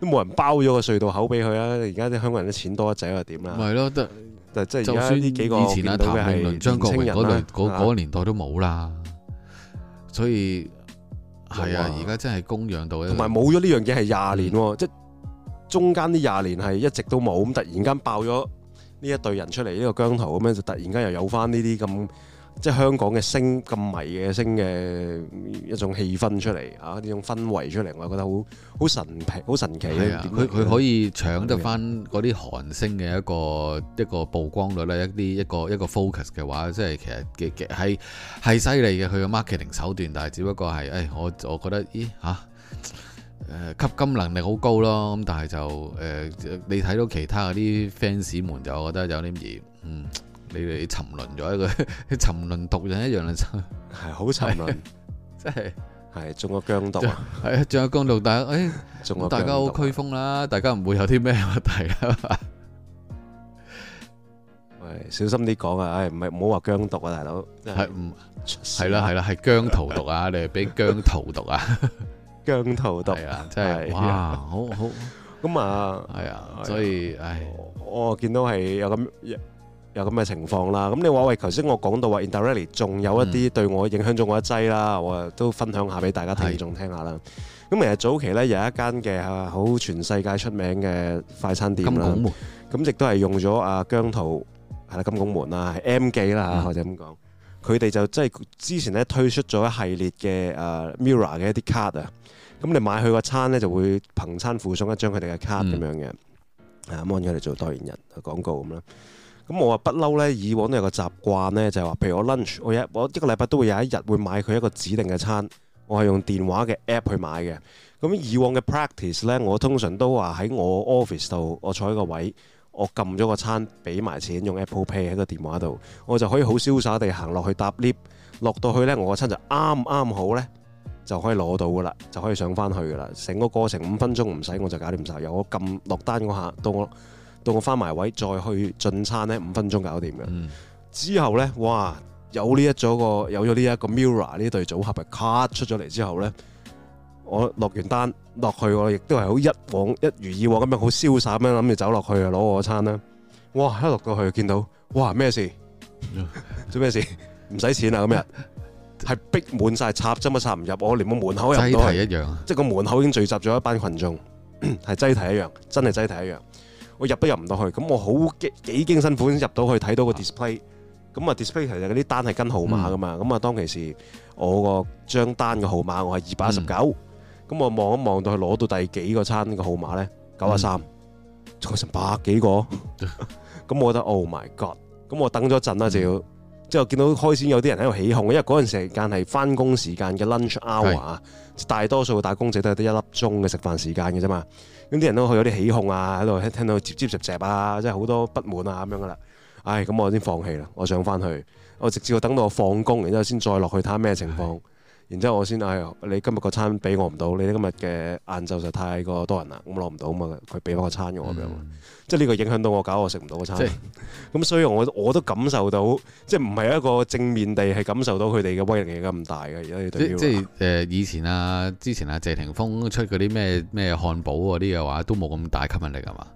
都冇人包咗個隧道口俾佢啊！而家啲香港人啲錢多得滯，又點啊？咪 [NOISE] 咯樂，得，即係而家呢幾個。以前啊，譚詠麟。張國榮嗰兩、嗰個、年代都冇啦，所以係啊，而家、嗯、喲真係供養到。同埋冇咗呢樣嘢係廿年，嗯、即中間啲廿年係一直都冇，咁突然間爆咗呢一隊人出嚟，呢、呢個疆頭咁樣，就突然間又有翻呢啲咁。即係香港嘅星咁迷嘅星嘅一種氣氛出嚟嚇，呢、啊、種氛圍出嚟，我覺得好好神奇好神奇。佢佢、啊、可以搶得翻嗰啲韓星嘅一個一個曝光率咧，一啲一個一個 focus 嘅話，即係其實嘅嘅係係犀利嘅佢嘅 marketing 手段，但係只不過係誒、哎、我我覺得咦嚇誒吸金能力好高咯咁，但係就誒、呃、你睇到其他嗰啲 fans 們就覺得有啲唔嗯。你哋沉淪咗一個沉淪毒人一樣啦，係好沉淪，即係係中咗姜毒，係啊，中咗姜毒，但係誒，中個大家好驅風啦，大家唔會有啲咩問題啦。係小心啲講啊，誒，唔係唔好話姜毒啊，大佬係唔係啦係啦，係姜桃毒啊，你俾姜桃毒啊，姜桃毒啊，真係哇，好好咁啊，係啊，所以唉，我見到係有咁。有咁嘅情況啦，咁、嗯、你話喂，頭先我講到話 Indirectly 仲有一啲對我影響咗我一劑啦，嗯、我都分享下俾大家聽眾是聽下啦。咁誒早期咧有一間嘅好全世界出名嘅快餐店啦，咁亦都係用咗阿姜濤係啦金拱門啊，M 記啦嚇或者咁講，佢哋就即係之前咧推出咗一系列嘅誒 MIRROR 嘅一啲卡啊，咁你買佢個餐咧就會憑餐附送一張佢哋嘅卡咁、嗯、樣嘅，啊，按佢嚟做代言人啊廣告咁啦。咁我話不嬲咧，以往都有個習慣咧，就係話，譬如我 lunch，我一我一個禮拜都會有一日會買佢一個指定嘅餐，我係用電話嘅 app 去買嘅。咁以往嘅 practice 咧，我通常都話喺我 office 度，我坐喺個位，我撳咗個餐，俾埋錢，用 Apple Pay 喺個電話度，我就可以好瀟灑地行落去搭 lift，落到去咧，我個餐就啱啱好咧，就可以攞到噶啦，就可以上翻去噶啦，成個過程五分鐘唔使，我就搞掂晒。由我撳落單嗰下到我。到我翻埋位再去進餐呢，五分鐘搞掂嘅。嗯、之後呢，哇，有呢一咗個有咗呢一個 mirror 呢對組合嘅卡出咗嚟之後呢，我落完單落去我亦都係好一往一如以往咁樣好瀟灑咁樣諗住走落去啊，攞我餐啦。哇，一落過去見到，哇，咩事？ [LAUGHS] 做咩事？唔使錢啊！今日係逼滿晒插針，真係插唔入。我連個門口入都係一樣，即係個門口已經聚集咗一班群眾，係擠提一樣，真係擠提一樣。我入都入唔到去，咁我好幾幾經辛苦先入到去睇到個 display，咁啊 display 其實嗰啲單係跟號碼㗎嘛，咁啊當其時我個張單嘅號碼我係二百一十九，咁我望一望到係攞到第幾個餐嘅號碼咧，九啊三，仲有成百幾個，咁我覺得 Oh my god，咁我等咗陣啦就要。之後見到開始有啲人喺度起哄，因為嗰陣時，時間係翻工時間嘅 lunch hour 啊，是大多數打工仔都係得一粒鐘嘅食飯時間嘅啫嘛，咁啲人都去有啲起哄啊，喺度聽到接接接啊，即係好多不滿啊咁樣噶啦，唉，咁我先放棄啦，我想翻去，我直接等到我放工，然之後先再落去睇下咩情況。然之後我先唉、哎，你今日個餐俾我唔到，你今日嘅晏晝就太過多人啦、嗯，我攞唔到啊嘛，佢俾翻個餐我咁樣，即係呢個影響到我搞我食唔到個餐。咁即、嗯、所以我我都感受到，即係唔係一個正面地係感受到佢哋嘅威力咁大嘅。而家即係誒以前啊，之前啊，謝霆鋒出嗰啲咩咩漢堡嗰啲嘅話，都冇咁大吸引力㗎嘛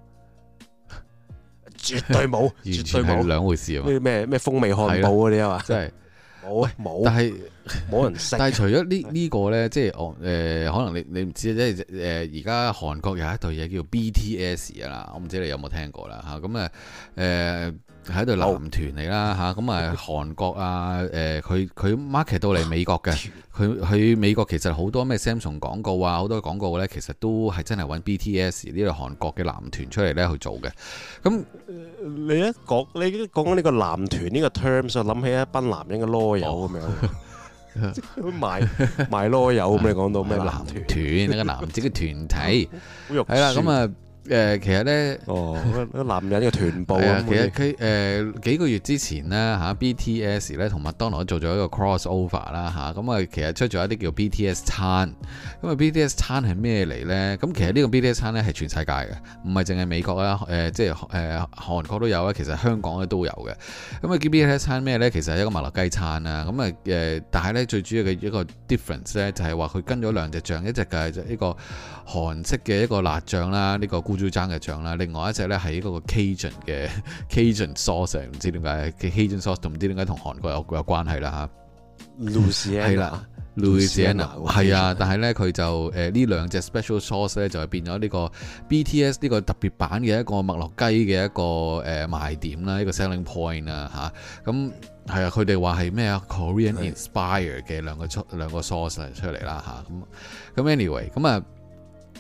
[LAUGHS] ？絕對冇， [LAUGHS] 完全係兩回事，咩咩風味漢堡嗰啲啊嘛，即係 [LAUGHS] すね [LAUGHS] 冇，冇。但係冇人 [LAUGHS] 但係除咗 [LAUGHS] 呢呢個咧，即係我誒，可能你你唔知咧誒，而、呃、家韓國有一隊嘢叫做 BTS 啊啦，我唔知你有冇聽過啦嚇？咁誒誒。嗯呃喺度男團嚟啦嚇，咁啊韓國啊，誒佢佢 market 到嚟美國嘅，佢佢美國其實好多咩 Samsung 廣告啊，好多廣告咧，其實都係真係揾 BTS 呢個韓國嘅男團出嚟咧去做嘅。咁你一講你一講到呢個男團呢個 terms，我諗起一班男人嘅籮柚咁樣，賣賣籮柚咁你講到咩男團呢個男子嘅團體，係啦咁啊。誒其實咧、哦，個男人嘅臀部啊其實佢誒幾個月之前咧吓 BTS 咧同麥當勞做咗一個 cross over 啦吓咁啊，其實出咗一啲叫 BTS 餐。咁啊，BTS 餐係咩嚟咧？咁其實呢個 BTS 餐咧係全世界嘅，唔係淨係美國啦，誒即係誒韓國都有啊。其實香港咧都有嘅。咁啊，BTS 餐咩咧？其實係一個麥樂雞餐啊。咁啊誒但係咧最主要嘅一個 difference 咧，就係話佢跟咗兩隻醬一隻就係呢個韓式嘅一個辣醬啦，呢、這個。主要爭嘅獎啦，另外一隻咧係嗰個 Cajun 嘅 Cajun sauce，唔知點解 Cajun sauce 唔知點解同韓國有有關係啦嚇。Louis 係啦 Louisiana 係啊，但係咧佢就誒呢兩隻 special sauce 咧，就係變咗呢個 BTS 呢個特別版嘅一個麥樂雞嘅一個誒賣點啦，一個 selling point 啊嚇。咁、嗯、係啊，佢哋話係咩啊？Korean inspire 嘅兩個出是兩個 sauce 出嚟啦嚇。咁咁 anyway 咁啊。 [LAUGHS]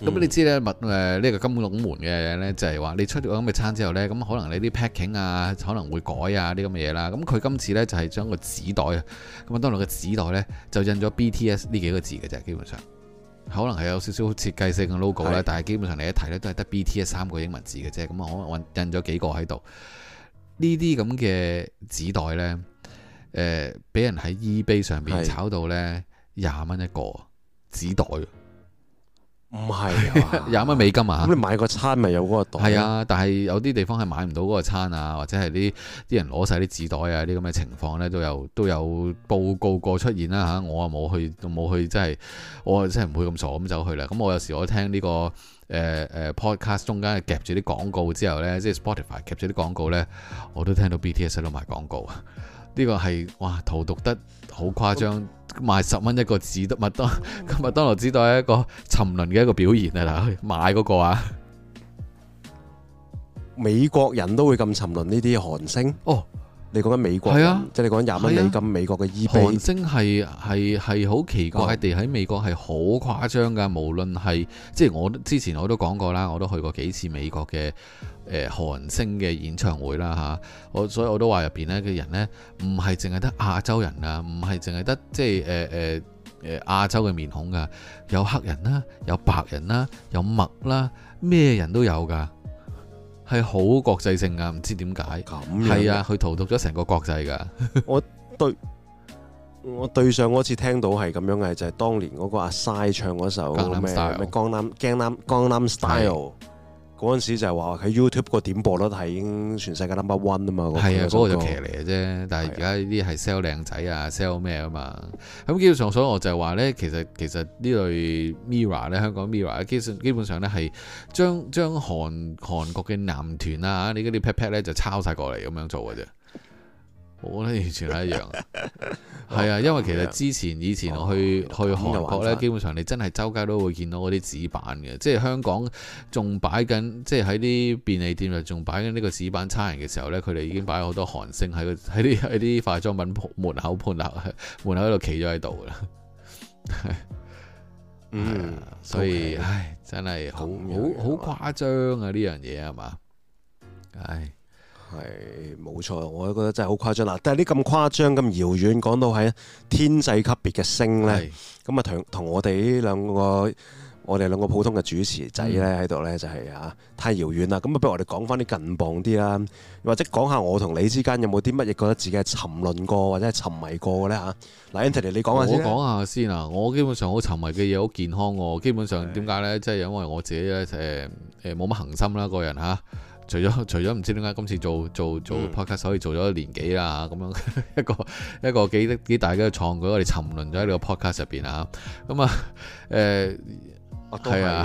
咁、嗯、你知咧物呢個金龍門嘅嘢咧，就係話你出咗咁嘅餐之後咧，咁可能你啲 packing 啊可能會改啊啲咁嘅嘢啦。咁佢今次咧就係將個紙袋啊，咁麥當勞嘅紙袋咧就印咗 BTS 呢幾個字嘅啫，基本上可能係有少少設計性嘅 logo 咧，是但係基本上你一睇咧都係得 BTS 三個英文字嘅啫。咁可能印咗幾個喺度，這這呢啲咁嘅紙袋咧，誒、呃、俾人喺 eBay 上邊炒到咧廿蚊一個紙袋。是嗯唔係，廿蚊、啊、 [LAUGHS] 美金啊！咁、嗯、你買個餐咪有嗰個袋？係啊，但係有啲地方係買唔到嗰個餐啊，或者係啲啲人攞晒啲紙袋啊，啲咁嘅情況咧都有都有報告過出現啦、啊、嚇。我啊冇去冇去，真係我啊真係唔會咁傻咁走去啦。咁我有時我聽呢、這個誒誒、呃呃、Podcast 中間夾住啲廣告之後咧，即、就、係、是、Spotify 夾住啲廣告咧，我都聽到 BTS 都度賣廣告啊！呢個係哇，荼毒得好誇張，Okay. 賣十蚊一個字都麥當麥當勞知道係一個沉淪嘅一個表現啊！嗱，買嗰個啊，美國人都會咁沉淪呢啲韓星哦。你講緊美國，啊、即係你講廿蚊美金美國嘅 E 幣，韓星係係係好奇怪、哦、地喺美國係好誇張噶，無論係即係我之前我都講過啦，我都去過幾次美國嘅誒、呃、韓星嘅演唱會啦吓，我、啊、所以我都話入邊呢嘅人呢，唔係淨係得亞洲人啊，唔係淨係得即係誒誒誒亞洲嘅面孔噶，有黑人啦、啊，有白人啦、啊，有墨啦、啊，咩人都有噶。係好國際性噶，唔知點解，係樣啊，佢荼毒咗成個國際噶。 [LAUGHS] 我對，我對上嗰次聽到係咁樣嘅，就係、是、當年嗰個阿曬唱嗰首咩咩江南江南江南 style。嗰陣時就係話喺 YouTube 個點播率係已經全世界 number one 啊嘛，係啊嗰個就騎嚟嘅啫。但係而家呢啲係 sell 靚仔啊，sell 咩啊嘛。咁基本上所我就係話咧，其實其實呢類 MIRROR 咧，香港 MIRROR，基本基本上咧係將將韓韓國嘅男團啊，你嗰啲 pet pet 咧就抄晒過嚟咁樣做嘅啫。我咧完全係一樣，係 [LAUGHS] 啊，因為其實之前以前我去 [MUSIC] 去韓國呢，基本上你真係周街都會見到嗰啲紙板嘅，即係香港仲擺緊，即係喺啲便利店啊，仲擺緊呢個紙板差人嘅時候呢，佢哋已經擺好多韓星喺喺啲喺啲化妝品鋪門口鋪頭門口度企咗喺度啦。嗯、 [LAUGHS] [LAUGHS] [MUSIC] 啊，所以唉，真係 [MUSIC] 樣好好好誇張啊！呢、啊、樣嘢係嘛？唉。係冇錯，我都覺得真係好誇張。嗱，但係呢咁誇張咁遙遠，講到喺天際級別嘅星呢，咁啊同同我哋呢兩個我哋兩個普通嘅主持仔呢喺度呢，就係啊太遙遠啦。咁啊，不如我哋講翻啲近磅啲啦，或者講下我同你之間有冇啲乜嘢覺得自己係沉淪過或者係沉迷過嘅咧？吓是，嗱你講下先。我講下先。我基本上好沉迷嘅嘢好健康嘅，基本上點解是呢？即係因為我自己咧，誒誒冇乜恆心啦，個人吓。除咗除咗唔知點解今次做做做 podcast，可以做咗年幾啦，咁樣一個一個幾得幾大嘅創舉，我哋沉淪咗喺呢個 podcast 入邊啦，咁啊誒。嗯呃係啊，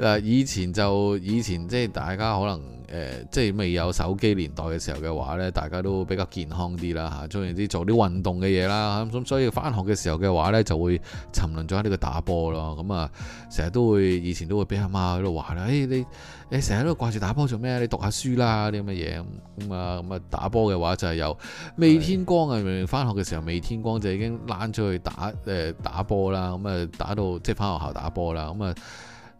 嗱， [LAUGHS] 以前就以前即係大家可能誒、呃，即係未有手機年代嘅時候嘅話呢，大家都比較健康啲啦嚇，中意啲做啲運動嘅嘢啦咁、嗯、所以翻學嘅時候嘅話呢，就會沉淪咗喺呢個打波咯，咁、嗯、啊，成日都會以前都會俾阿媽喺度話啦，誒、哎、你你成日都掛住打波做咩？你讀下書啦啲咁嘅嘢咁啊，咁啊、嗯嗯、打波嘅話就係有未天光啊，的明明翻學嘅時候未天光就已經攬出去打誒、呃、打波啦，咁啊打到即係翻學校打波啦，咁、嗯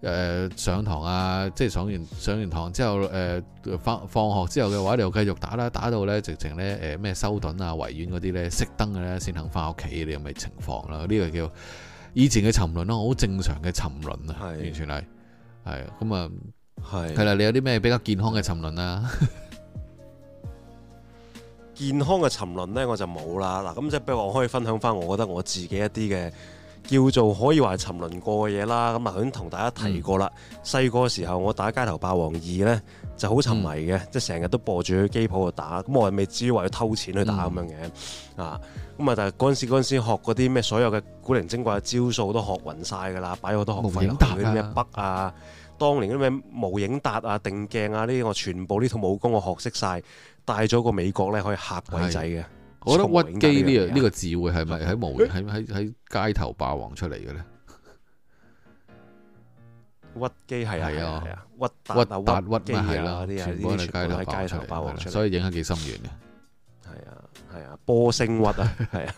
誒，上堂啊，即係上完上完堂之後，誒、呃，放放學之後嘅話，你又繼續打啦，打到咧，直情咧，誒，咩修頓啊、維園嗰啲咧，熄燈嘅咧，先肯翻屋企，你有咩情況啦？呢個叫以前嘅沉淪咯，好正常嘅沉淪啊，是的 完全係係咁啊係係啦，你有啲咩比較健康嘅沉淪啊？ [LAUGHS] 健康嘅沉淪咧，我就冇啦。嗱，咁即係比如我可以分享翻，我覺得我自己一啲嘅。叫做可以話係沉淪過嘅嘢啦，咁啊頭先同大家提過啦。細個是時候我打《街頭霸王二》咧，就好沉迷嘅，嗯、即係成日都播住去機鋪度打。咁我係未至於話要偷錢去打咁樣嘅、嗯、啊。咁啊，但係嗰陣時嗰陣時學嗰啲咩，所有嘅古靈精怪嘅招數都學暈晒㗎啦，擺好多學費嘅咩北啊，啊當年嗰啲咩無影達啊、定鏡啊呢啲，我全部呢套武功我學識晒。帶咗個美國咧可以嚇鬼仔嘅。我覺得屈機呢，啊呢個字會係咪喺無喺喺喺街頭霸王出嚟嘅咧？屈機係係啊，屈，屈啊屈，屈咪係啦，啲街頭霸王出嚟，所以影響幾深遠嘅。係啊係啊，波聲屈啊，係啊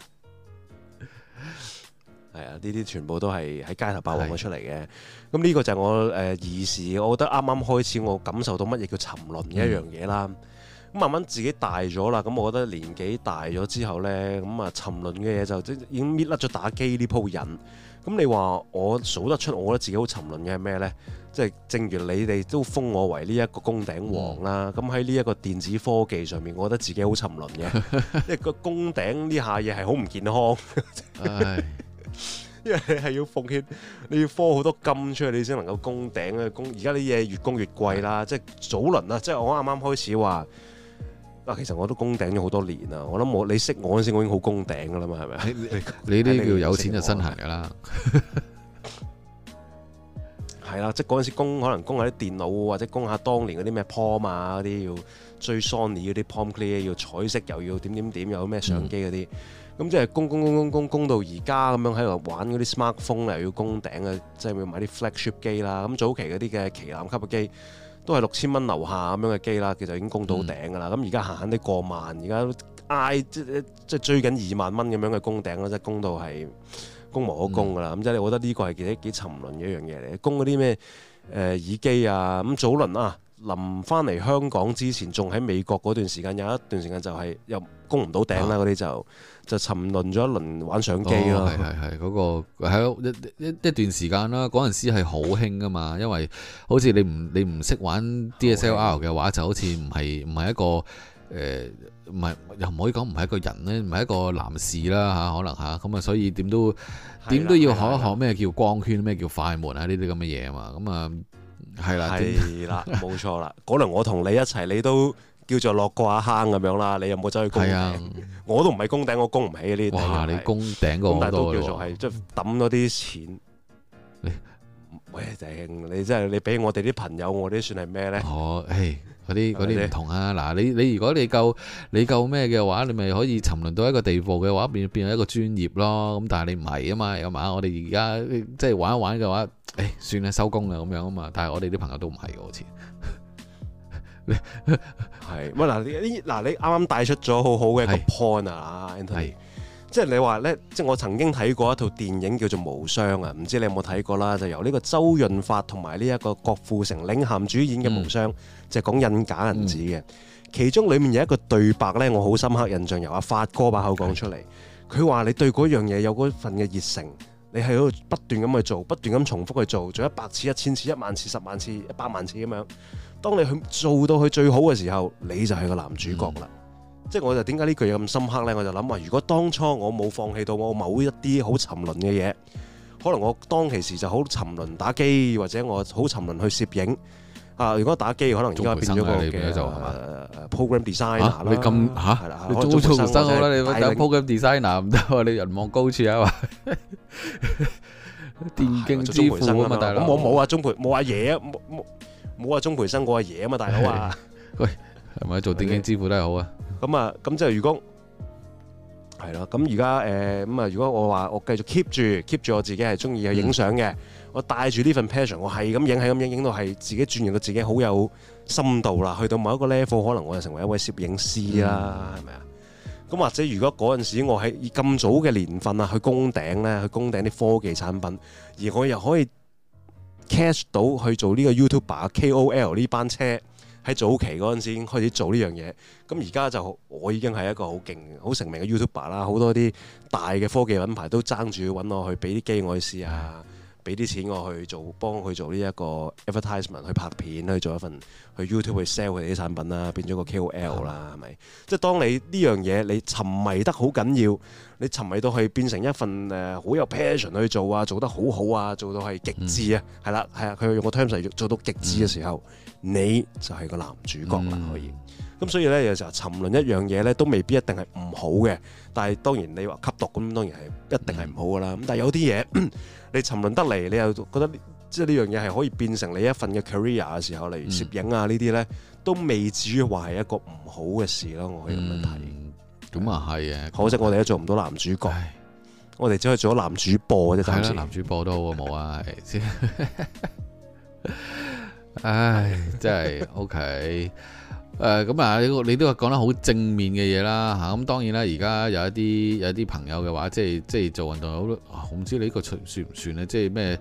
係啊，呢啲全部都係喺街頭霸王出嚟嘅。咁呢個就係我誒兒時，我覺得啱啱開始，我感受到乜嘢叫沉淪嘅一樣嘢啦。咁慢慢自己大咗啦，咁我覺得年紀大咗之後呢，咁啊沉淪嘅嘢就即已經搣甩咗打機呢鋪癮。咁你話我數得出，我覺得自己好沉淪嘅係咩呢？即係正如你哋都封我為呢一個宮頂王啦。咁喺呢一個電子科技上面，我覺得自己好沉淪嘅，即係個宮頂呢下嘢係好唔健康。 [LAUGHS] [LAUGHS] 因為你係要奉獻，你要科好多金出去，你先能夠宮頂嘅宮。而家啲嘢越宮越貴啦，的即係早輪啦，即係我啱啱開始話。嗱，其實我都攻頂咗好多年啦，我諗我你識我嗰陣時，我已經好攻頂噶啦嘛，係咪你呢吧叫有錢就真係噶啦，係啦， [LAUGHS] 即係嗰陣時攻可能攻下啲電腦或者攻下當年嗰啲咩 Palm 啊嗰啲要追 Sony 嗰啲 Palm Clie 要彩色又要點點點又咩相機嗰啲，咁、嗯、即係攻攻攻攻攻到而家咁樣喺度玩嗰啲 smartphone 又要攻頂啊，即係要買啲 flagship 機啦，咁早期嗰啲嘅旗艦級嘅機。都係六千蚊樓下咁樣嘅機啦，其實已經供到頂噶啦。咁而家行行啲過萬，而家挨即係即係追緊二萬蚊咁樣嘅供頂啦，即係供到係供無可供噶啦。咁、嗯、即係你覺得呢個係幾幾沉淪嘅一樣嘢？嚟、供嗰啲咩誒耳機啊，咁、嗯、早輪啊，臨翻嚟香港之前，仲喺美國嗰段時間，有一段時間就係、是、又供唔到頂啦，嗰啲、啊、就。就沉淪咗一輪玩相機咯，係係係嗰個係一一一段時間啦。嗰陣時係好興㗎嘛，因為好似你唔你唔識玩 DSLR 嘅話，就好似唔係唔係一個誒，唔係又唔可以講唔係一個人咧，唔係一個男士啦吓，可能吓。咁啊。所以點都點的都要學一學咩叫光圈，咩的叫快門啊呢啲咁嘅嘢啊嘛。咁啊，係啦，係啦的，冇 [LAUGHS] 錯啦。嗰輪我同你一齊，你都，叫做落個下坑咁樣啦，你有冇走去供頂？我都唔係供頂，我供唔起嗰啲地。哇！你供頂咁多嘅喎。咁但係都叫做係即係揼咗啲錢。喂，正，你真係你俾我哋啲朋友，我啲算係咩咧？哦，係嗰啲嗰啲唔同啊！嗱，你你如果你夠你夠咩嘅話，你咪可以沉淪到一個地步嘅話，變變為一個專業咯。咁但係你唔係啊嘛，有冇啊？我哋而家即係玩一玩嘅話，誒算啦，收工啦咁樣啊嘛。但係我哋啲朋友都唔係喎，好似。係，唔係嗱？呢嗱，你啱啱帶出咗好好嘅一個 point 啊，係，即係你話咧，即係我曾經睇過一套電影叫做《無雙》啊，唔知你有冇睇過啦？就由呢個周潤發同埋呢一個郭富城領銜主演嘅《無雙》，就係講印假銀紙嘅。其中裏面有一個對白咧，我好深刻印象，由阿發哥把口講出嚟。佢話你對嗰樣嘢有嗰份嘅熱誠，你喺度不斷咁去做，不斷咁重複去做，做一百次、一千次、一萬次、十萬次、一百萬次咁樣，當你去做到佢最好嘅時候，你就係個男主角啦。即係我就點解呢句咁深刻咧？我就諗話，如果當初我冇放棄到我某一啲好沉淪嘅嘢，可能我當其時就好沉淪打機，或者我好沉淪去攝影啊。如果打機，可能而家變咗個嘅。做咩？program designer 咯，你咁吓？你中途唔生好啦，你但 program designer 唔得啊，你人望高處啊嘛。電競之父啊嘛大佬，咁我冇啊，中培冇阿爺啊，冇冇。冇話鐘培生過阿爺啊嘛，大佬啊，喂，係咪做電影支付都係好啊？咁啊，咁即係如果係咯，咁而家誒咁啊，如果我話我繼續 keep 住 keep 住我自己係中意去影相嘅，我帶住呢份 passion，我係咁影係咁影影到係自己轉型到自己好有深度啦，去到某一個 level，可能我就成為一位攝影師啦，係咪啊？咁或者如果嗰陣時我喺咁早嘅年份啊，去攻頂咧，去攻頂啲科技產品，而我又可以。cash 到去做呢個 YouTuber KOL 呢班車喺早期嗰陣先開始做呢樣嘢，咁而家就我已經係一個好勁、好成名嘅 YouTuber 啦，好多啲大嘅科技品牌都爭住揾我去俾啲機我去試下俾啲錢我去做幫佢做呢一個 advertisement 去拍片去做一份去 YouTube 去 sell 佢哋啲產品啦，變咗個 KOL 啦、嗯，係咪？即係當你呢樣嘢你沉迷得好緊要。你沉迷到係變成一份誒、呃、好有 passion 去做啊，做得好好啊，做到係極致啊，係啦、嗯，係啊，佢用個 terms 做到極致嘅時候，嗯、你就係個男主角啦，可以。咁、嗯、所以咧，有時候沉淪一樣嘢咧，都未必一定係唔好嘅。但係當然你話吸毒咁，當然係一定係唔好噶啦。咁、嗯、但係有啲嘢你沉淪得嚟，你又覺得即係呢樣嘢係可以變成你一份嘅 career 嘅時候，例如攝影啊呢啲咧，都未至於話係一個唔好嘅事咯。我可以咁樣睇。嗯咁啊，係啊，可惜我哋都做唔到男主角，的我哋只係做咗男主播啫。睇下的男主播都好啊，冇啊，唉， [LAUGHS] 真係 OK，誒，咁啊、 [LAUGHS] 呃，你都講得好正面嘅嘢啦吓。咁當然啦，而家有一啲有啲朋友嘅話，即係即係做運動好咯。我唔知你呢個算算唔算咧，即係咩？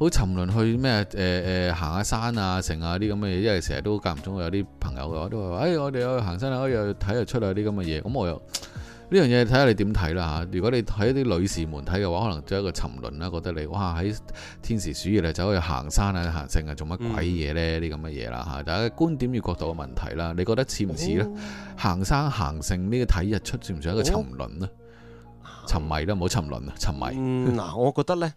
好沉淪去咩？誒誒，行下山啊、城啊啲咁嘅嘢，因為成日都間唔中有啲朋友嘅，話都話誒，我哋去行山啊，哎、去睇日出啊啲咁嘅嘢。咁我又呢樣嘢睇下你點睇啦吓。如果你睇啲女士們睇嘅話，可能做一個沉淪啦，覺得你哇喺天時暑熱走去行山啊、行城啊，做乜鬼嘢呢？啲咁嘅嘢啦吓，大家、啊、觀點與角度嘅問題啦。你覺得似唔似咧？行山行城呢個睇日出算唔算一個沉淪啊、哦？沉迷啦，唔好沉淪啊，沉迷、嗯。嗱、嗯，我覺得咧。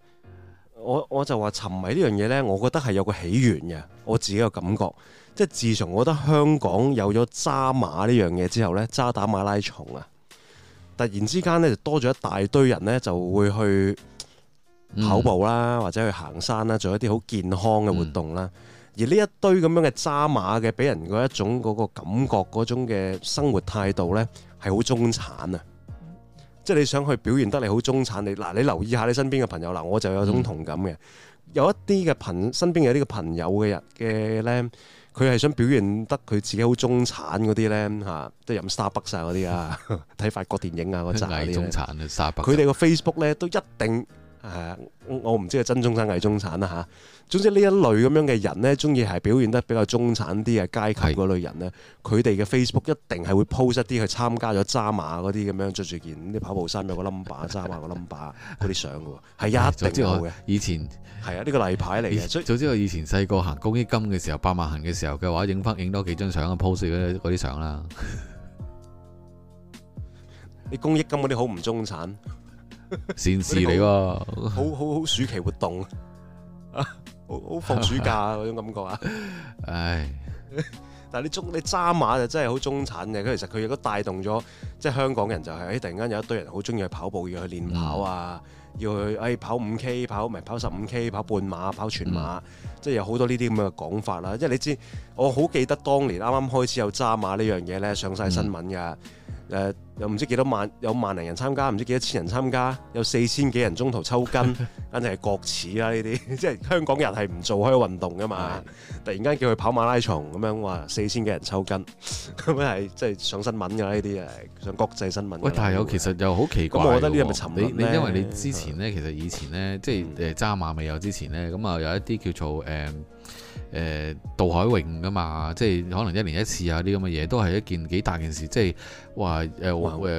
我我就話沉迷呢樣嘢呢，我覺得係有個起源嘅，我自己嘅感覺，即係自從我覺得香港有咗渣馬呢樣嘢之後呢，渣打馬拉松啊，突然之間呢，就多咗一大堆人呢，就會去跑步啦，或者去行山啦，做一啲好健康嘅活動啦。而呢一堆咁樣嘅渣馬嘅，俾人嗰一種嗰個感覺，嗰種嘅生活態度呢，係好中產啊。即係你想去表現得你好中產，你嗱，你留意下你身邊嘅朋友嗱，我就有種同感嘅，嗯、有一啲嘅朋身邊有啲嘅朋友嘅人嘅咧，佢係想表現得佢自己好中產嗰啲咧嚇，即係飲 Starbucks 嗰啲啊，睇 [LAUGHS] 法國電影啊，嗰陣啲中產沙佢哋個 Facebook 咧都一定。係啊，我唔知係真中產定係中產啦嚇、啊。總之呢一類咁樣嘅人咧，中意係表現得比較中產啲嘅階級嗰類人咧，佢哋嘅是 Facebook 一定係會 post 一啲去參加咗渣馬嗰啲咁樣，着住件啲跑步衫，有個 number 渣 [LAUGHS] 馬個 number 嗰啲相嘅喎，係 [LAUGHS] 一定有。以前係啊，呢個例牌嚟嘅。早知我以前細個、啊、行公益金嘅時候，百萬行嘅時候嘅話，影翻影多幾張相 post 嗰啲相啦。啲公益金嗰啲好唔中產。善事嚟喎，好好好暑期活動啊，好放暑假嗰種感覺啊。唉，但係你中你揸馬就真係好中產嘅，佢其實佢亦都帶動咗，即係香港人就係，突然間有一堆人好中意去跑步，要去練跑啊，要去哎跑五 K，跑唔係跑十五 K，跑半馬，跑全馬，即係有好多呢啲咁嘅講法啦。即係你知，我好記得當年啱啱開始有揸馬呢樣嘢咧，上晒新聞噶，誒。又唔知幾多萬有萬零人參加，唔知幾多千人參加，有四千幾人中途抽筋，簡 [LAUGHS] 直係國恥啦！呢啲即係香港人係唔做開運動噶嘛，的突然間叫佢跑馬拉松咁樣，話四千幾人抽筋，咁係即係上新聞噶啦！呢啲係上國際新聞。喂，但係又其實又好奇怪，我覺得係係呢啲咪沉溺？你因為你之前咧，的其實以前咧，即係誒揸馬未有之前咧，咁啊、嗯、有一啲叫做誒。Um, 誒渡、呃、海泳㗎嘛，即係可能一年一次啊啲咁嘅嘢，都係一件幾大件事，即係話誒我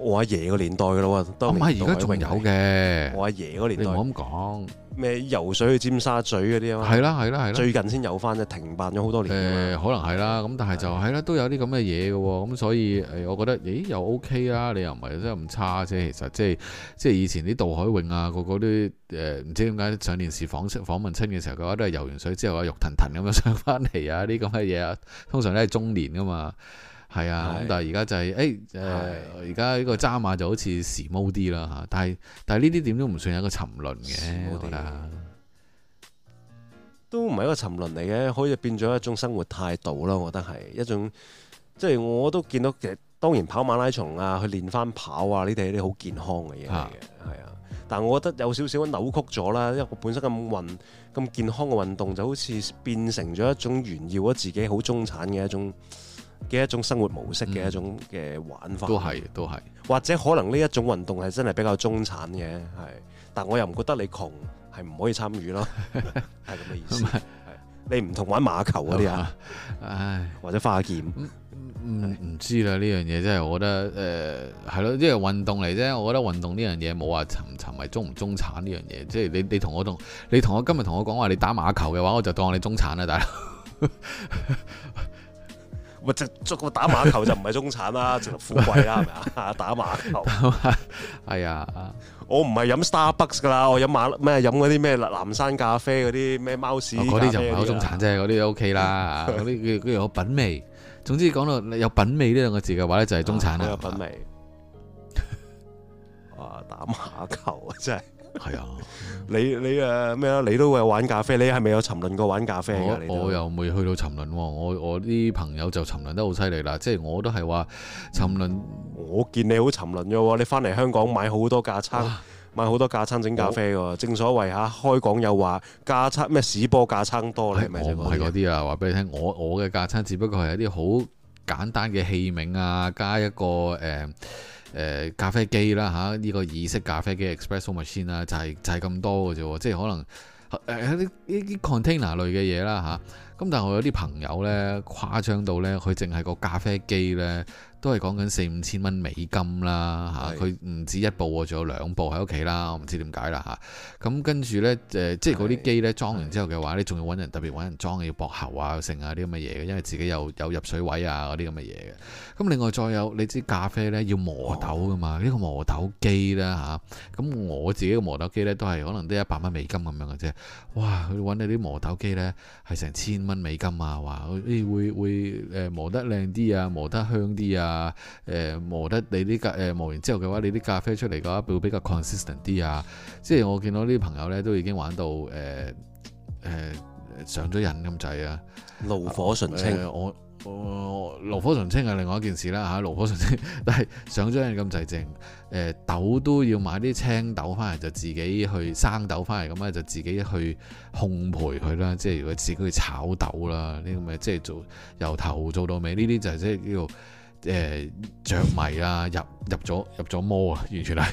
我阿爺個年代嘅咯喎，唔係啊，而家仲有嘅。我阿爺嗰年代，唔好咁講。咩游水去尖沙咀嗰啲啊？係啦，係啦，係啦。最近先有翻就停辦咗好多年。誒、欸，可能係啦。咁但係就係啦的，都有啲咁嘅嘢嘅。咁所以誒，我覺得，咦、欸，又 OK 啦、啊。你又唔係真係咁差啫。其實即係即係以前啲渡海泳啊，個個都誒，唔、呃、知點解上電視訪訪問親嘅時候嘅話，都係游完水之後騰騰騰啊，肉騰騰咁樣上翻嚟啊，啲咁嘅嘢啊，通常都係中年噶嘛。係啊，咁、啊、但係而家就係、是，誒、欸，而家呢個揸馬就好似時髦啲啦嚇，但係但係呢啲點都唔算係一個沉淪嘅，啊、覺都唔係一個沉淪嚟嘅，可以變咗一種生活態度咯。我覺得係一種，即係我都見到其實當然跑馬拉松啊，去練翻跑啊，呢啲係啲好健康嘅嘢嚟嘅，係啊。啊但係我覺得有少少扭曲咗啦，因為我本身咁運咁健康嘅運動，就好似變成咗一種炫耀咗自己好中產嘅一種。嘅一種生活模式嘅一種嘅玩法，都係、嗯，都係，都或者可能呢一種運動係真係比較中產嘅，係，但我又唔覺得你窮係唔可以參與咯，係咁嘅意思，係係你唔同玩馬球嗰啲啊，唉，或者花劍，唔知啦，呢樣嘢真係我覺得，誒係咯，因為運動嚟啫，我覺得運動呢樣嘢冇話沉唔沉迷，中唔中產呢樣嘢，即、就、係、是、你你，你同我同你同我今日同我講話你打馬球嘅話，我就當你中產啦，大佬。 [LAUGHS] 咪就捉打馬球就唔係中產啦，直頭富貴啦，係咪啊？打馬球係 [LAUGHS] 啊，我唔係飲 Starbucks 噶啦，我飲馬咩飲嗰啲咩藍山咖啡嗰啲咩貓屎。嗰啲、哦、就唔係好中產啫，嗰啲 O K 啦，嗰啲跟住有品味。總之講到有品味呢兩個字嘅話咧，就係中產啦。有、 [LAUGHS] 那個、品味。啊！ [LAUGHS] 打馬球啊，真係～係啊， [LAUGHS] 你你誒咩啊？你都會有玩咖啡，你係咪有沉淪過玩咖啡？我我又未去到沉淪，我我啲朋友就沉淪得好犀利啦。即係我都係話沉淪，我見你好沉淪嘅，你翻嚟香港買好多架撐，啊、買好多架撐整咖啡嘅。我正所謂吓開講又話架撐咩屎波架撐多呢，你係咪？我唔係嗰啲啊，話俾你聽，我我嘅架撐只不過係一啲好簡單嘅器皿啊，加一個誒。嗯誒、呃、咖啡機啦嚇，呢、這個意式咖啡機 espresso machine 啦、就是，就係就係咁多嘅啫，即係可能誒呢啲 container 類嘅嘢啦嚇。咁、啊、但係我有啲朋友呢，誇張到呢，佢淨係個咖啡機呢。都係講緊四五千蚊美金啦，嚇佢唔止一部喎，仲有兩部喺屋企啦，我唔知點解啦嚇。咁、啊、跟住呢，即係嗰啲機呢裝完之後嘅話，是的 你仲要揾人特別揾人裝，要駁喉啊，剩啊啲咁嘅嘢嘅，因為自己又有,有入水位啊嗰啲咁嘅嘢嘅。咁另外再有，你知咖啡呢要磨豆㗎嘛？呢哇個磨豆機咧嚇，咁、啊、我自己嘅磨豆機呢都係可能都一百蚊美金咁樣嘅啫。哇！佢揾你啲磨豆機呢係成千蚊美金啊，話誒會,會磨得靚啲啊，磨得香啲啊～啊，誒磨得你啲咖，誒磨完之後嘅話，你啲咖啡出嚟嘅話會比較 consistent 啲啊。即係我見到啲朋友咧都已經玩到，誒、呃、誒、呃、上咗癮咁滯啊，爐火純青。呃、我爐火純青係另外一件事啦吓，爐、啊、火純青，但係上咗癮咁滯，淨誒、呃、豆都要買啲青豆翻嚟，就自己去生豆翻嚟咁啊，就自己去烘焙佢啦。即係如果自己去炒豆啦，呢咁嘅，即係做由頭做到尾，呢啲就係即係叫做。誒著、呃、迷啦、啊，入入咗入咗魔啊，完全係。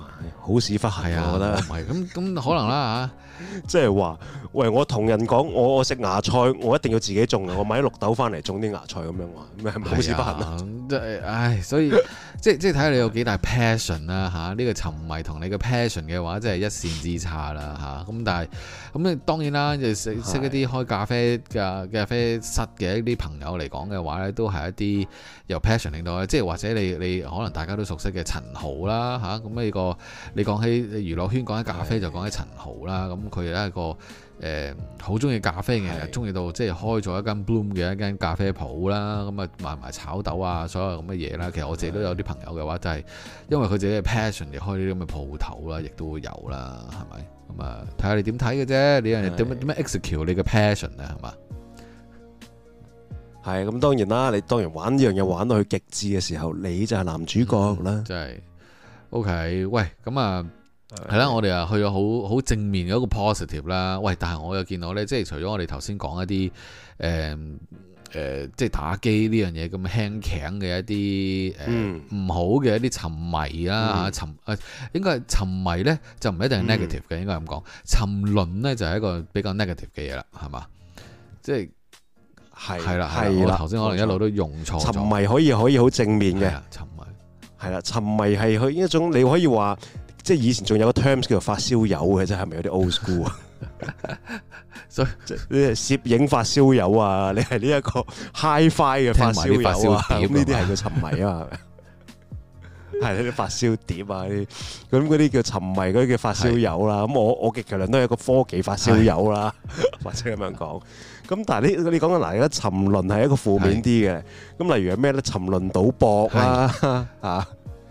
[LAUGHS] 好屎忽係啊，我覺得唔係咁咁可能啦吓，即係話，喂，我同人講，我食芽菜，我一定要自己種啊，我買啲綠豆翻嚟種啲芽菜咁樣話，咩好屎忽啊！即係唉，所以即係即係睇下你有幾大 passion 啦、啊、吓，呢、這個沉迷同你嘅 passion 嘅話，即係一線之差啦吓。咁、啊、但係咁咧，當然啦，又識識一啲開咖啡咖啡室嘅一啲朋友嚟講嘅話咧，都係一啲由 passion 令到，即係或者你你可能大家都熟悉嘅陳豪啦吓，咁、啊、呢、啊、個。你講起娛樂圈講起咖啡是的 就講起陳豪啦，咁佢係一個誒好中意咖啡嘅人，中意是的 到即係開咗一間 Bloom 嘅一間咖啡鋪啦，咁啊賣埋炒豆啊，所有咁嘅嘢啦。其實我自己都有啲朋友嘅話，就係、是，因為佢自己嘅 passion 嚟開呢啲咁嘅鋪頭啦，亦都會有啦，係咪？咁啊，睇下你點睇嘅啫，你又點點 execute 你嘅 passion 咧，係嘛？係咁當然啦，你當然玩呢樣嘢玩到去極致嘅時候，你就係男主角啦。嗯、就係、是。O.K. 喂，咁、嗯、啊，係啦、嗯，我哋啊去咗好好正面嘅一個 positive 啦。喂、嗯，但係我又見到咧，即係除咗我哋頭先講一啲誒誒，即係打機呢樣嘢咁輕頸嘅一啲誒唔好嘅一啲沉迷啦，沉誒，應該係沉迷咧就唔一定係 negative 嘅，應該咁講。沉淪咧就係一個比較 negative 嘅嘢啦，係嘛？即係係啦，係啦。頭先可能一路都用錯。沉迷可以可以好正面嘅。係啦，沉迷係去一種你可以話，即係以前仲有個 terms 叫做發燒友嘅啫，係咪有啲 old school 啊？ [LAUGHS] 所以你係攝影發燒友啊，你係呢一個 hi-fi 嘅發燒友啊，咁呢啲係叫沉迷啊，係呢啲發燒碟啊，啲咁嗰啲叫沉迷嗰啲叫發燒友啦、啊，咁的我我極其量都係一個科技發燒友啦、啊，或者咁樣講。 [LAUGHS] [LAUGHS] 咁但係呢？你講緊嗱，而家沉淪係一個負面啲嘅。咁的例如係咩咧？沉淪賭博啦，嚇的，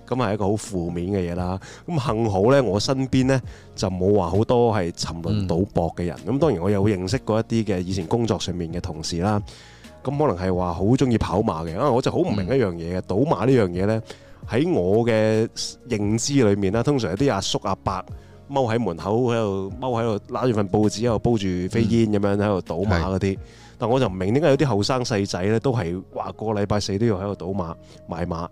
咁係 [LAUGHS] 一個好負面嘅嘢啦。咁幸好咧，我身邊咧就冇話好多係沉淪賭博嘅人。咁、嗯、當然我有認識過一啲嘅以前工作上面嘅同事啦。咁可能係話好鍾意跑馬嘅。啊，我就好唔明一樣嘢嘅賭馬呢樣嘢咧。喺我嘅認知裡面啦，通常有啲阿叔阿伯。踎喺門口，喺度踎，喺度攞住份報紙，喺度煲住飛煙咁、嗯、樣喺度賭馬嗰啲，是的 但我就唔明點解有啲後生細仔咧都係話個禮拜四都要喺度賭馬買馬。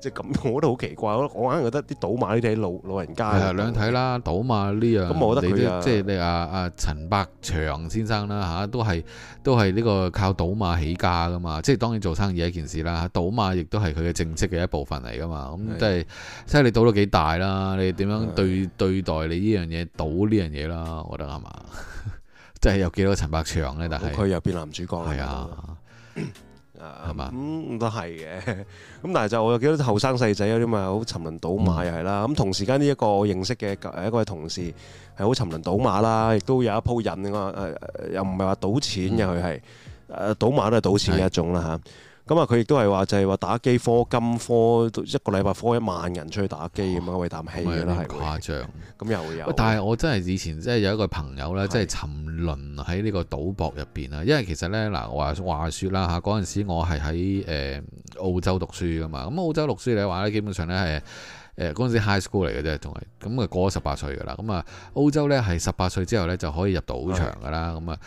即係咁，我覺得好奇怪，我硬覺得啲賭馬呢啲係老老人家。係兩睇啦，賭馬呢樣。咁我覺得即係你阿阿、就是啊啊、陳百祥先生啦嚇、啊，都係都係呢個靠賭馬起家㗎嘛。即係當然做生意一件事啦嚇，賭馬亦都係佢嘅正職嘅一部分嚟㗎嘛。咁即係即係你賭到幾大啦？你點樣對，對對待你呢樣嘢賭呢樣嘢啦？我覺得係嘛，即係有幾多個陳百祥呢？但係佢又變男主角係啊。 [LAUGHS] 啊，係嘛、uh, 吧？咁都係嘅。咁 [LAUGHS] 但係就我見到後生細仔有啲咪好沉淪賭馬又係啦。咁、嗯、同時間呢一個我認識嘅誒一個同事係好沉淪賭馬啦，亦都有一鋪癮啊誒，又唔係話賭錢嘅，佢係誒賭馬都係賭錢嘅一種啦嚇。嗯啊咁啊，佢亦都係話就係話打機科、金科一個禮拜科一萬人出去打機咁啊，為啖、哦、氣啦，係咪誇張？咁又有。但係我真係以前即係有一個朋友咧，即係沉淪喺呢個賭博入邊啦。因為其實咧嗱話話説啦嚇，嗰陣時我係喺誒澳洲讀書噶嘛。咁澳洲讀書嚟話咧，基本上咧係誒嗰陣時 high school 嚟嘅啫，仲係咁啊過咗十八歲噶啦。咁啊澳洲咧係十八歲之後咧就可以入賭場噶啦。咁啊。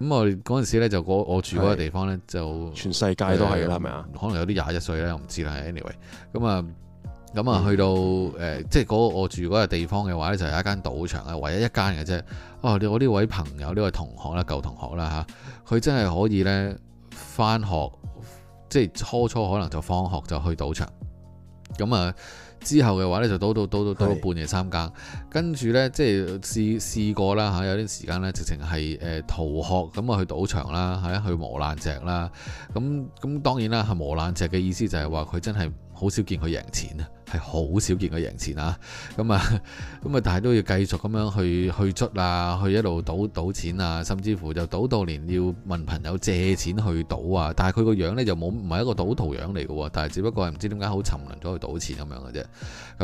咁我嗰陣時咧就我住嗰個地方咧是就全世界都係啦，咪啊、呃，吧可能有啲廿一歲咧，我唔知啦。Anyway，咁啊咁啊去到誒、嗯呃，即係我住嗰個地方嘅話咧，就有一間賭場啊，唯一一間嘅啫。啊，我呢位朋友呢位同學啦，舊同學啦嚇，佢、啊、真係可以咧返學，即係初初可能就放學就去賭場，咁啊。之後嘅話呢，就到到到到到半夜三更，跟住是的 呢，即係試試過啦嚇，有啲時間呢，直情係誒逃學咁啊去賭場啦，嚇去磨爛隻啦，咁、啊、咁、啊、當然啦，係磨爛隻嘅意思就係話佢真係。好少見佢贏錢啊，係好少見佢贏錢啊，咁啊，咁啊，但係都要繼續咁樣去去捽啊，去一路賭賭錢啊，甚至乎就賭到連要問朋友借錢去賭啊，但係佢個樣呢，就冇唔係一個賭徒樣嚟嘅。但係只不過係唔知點解好沉淪咗去賭錢咁樣嘅啫，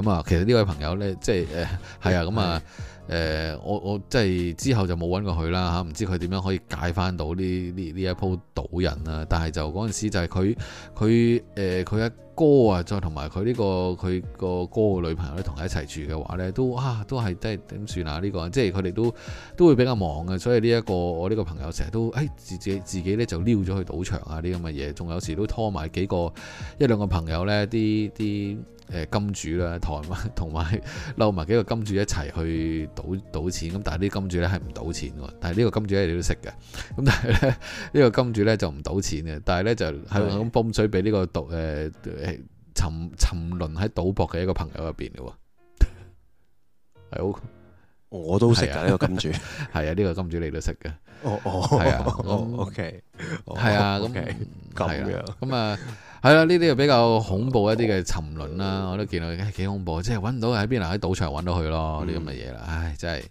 咁 [LAUGHS] 啊、嗯，其實呢位朋友呢，即係誒，係、呃 [LAUGHS] 嗯、啊，咁、嗯、啊。嗯嗯誒、呃、我我即係之後就冇揾過佢啦嚇，唔、啊、知佢點樣可以解翻到呢呢一鋪賭人啊。但係就嗰陣時就係佢佢誒佢阿哥啊，再同埋佢呢個佢個哥嘅女朋友咧，同佢一齊住嘅話呢，都啊都係即係點算啊呢、這個，即係佢哋都都會比較忙嘅，所以呢、這、一個我呢個朋友成日都誒、哎、自己自己呢，就溜咗去賭場啊啲咁嘅嘢，仲有時都拖埋幾個一兩個朋友呢，啲啲。誒，金主啦，台灣同埋撈埋幾個金主一齊去賭賭錢，咁但係啲金主咧係唔賭錢嘅，但係呢個金主咧你都識嘅，咁但係咧呢個金主咧就唔賭錢嘅，但係咧就係咁泵水俾呢個賭誒、呃、沉沉淪喺賭博嘅一個朋友入邊嘅喎，係好，我都識噶呢個金主，係 [LAUGHS] 啊，呢、這個金主你都識嘅，哦哦，係啊，OK，係啊，咁咁樣，咁啊。係啦，呢啲又比較恐怖一啲嘅沉淪啦，嗯、我都見到，而、哎、唉，幾恐怖，即係揾唔到喺邊啊？喺賭場揾到佢咯，啲咁嘅嘢啦，唉，真係，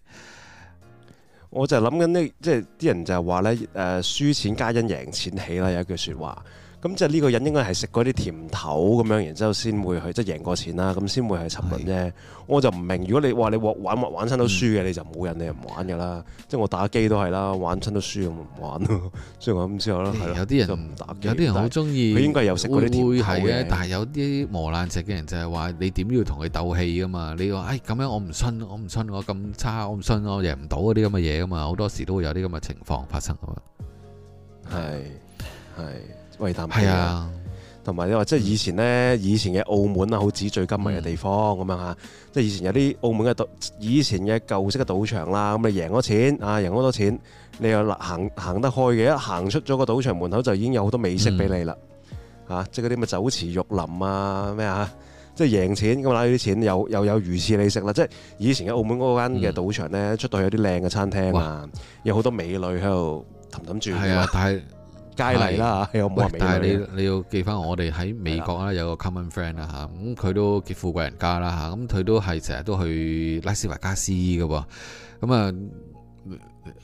我就諗緊呢，即係啲人就係話呢，誒、呃，輸錢皆因贏錢起啦，有一句説話。咁即係呢個人應該係食過啲甜頭咁樣，然之後先會去即係、就是、贏過錢啦，咁先會去沉迷啫。是我就唔明，如果你話你玩玩玩親都輸嘅，你就冇人哋唔玩噶啦。嗯、即係我打機都係啦，玩親都輸，我唔玩咯。雖然我咁之後有啲人了就唔打機，有啲人好中意。佢應該有食啲甜頭嘅、啊。但係有啲磨爛蓆嘅人就係話，你點都要同佢鬥氣噶嘛。你話誒咁樣，我唔信，我唔信我咁差，我唔信我贏唔到嗰啲咁嘅嘢噶嘛。好多時都會有啲咁嘅情況發生噶嘛。係啊，同埋你話即係以前呢，以前嘅澳門啊，好紙醉金迷嘅地方咁樣吓，即係、嗯嗯、以前有啲澳門嘅賭，以前嘅舊式嘅賭場啦，咁你贏咗錢啊，贏咗好多錢，你又行行得開嘅，一行出咗個賭場門口就已經有好多美食俾你啦，吓，即係嗰啲咩酒池肉林啊，咩啊，即係贏錢咁啊，啲錢又又有魚翅你食啦，即係、yes mm. 以前嘅澳門嗰間嘅賭場呢，出到去，出去 Fruit, 有啲靚嘅餐廳啊，有好多美女喺度氹氹轉，係啊，但係、嗯。佳麗啦嚇，又唔是，但係你你要記翻呢我哋喺美國啦的，有個 common friend 啦嚇，咁佢都幾富貴人家啦嚇，咁佢都係成日都去拉斯維加斯嘅喎。咁、嗯、啊，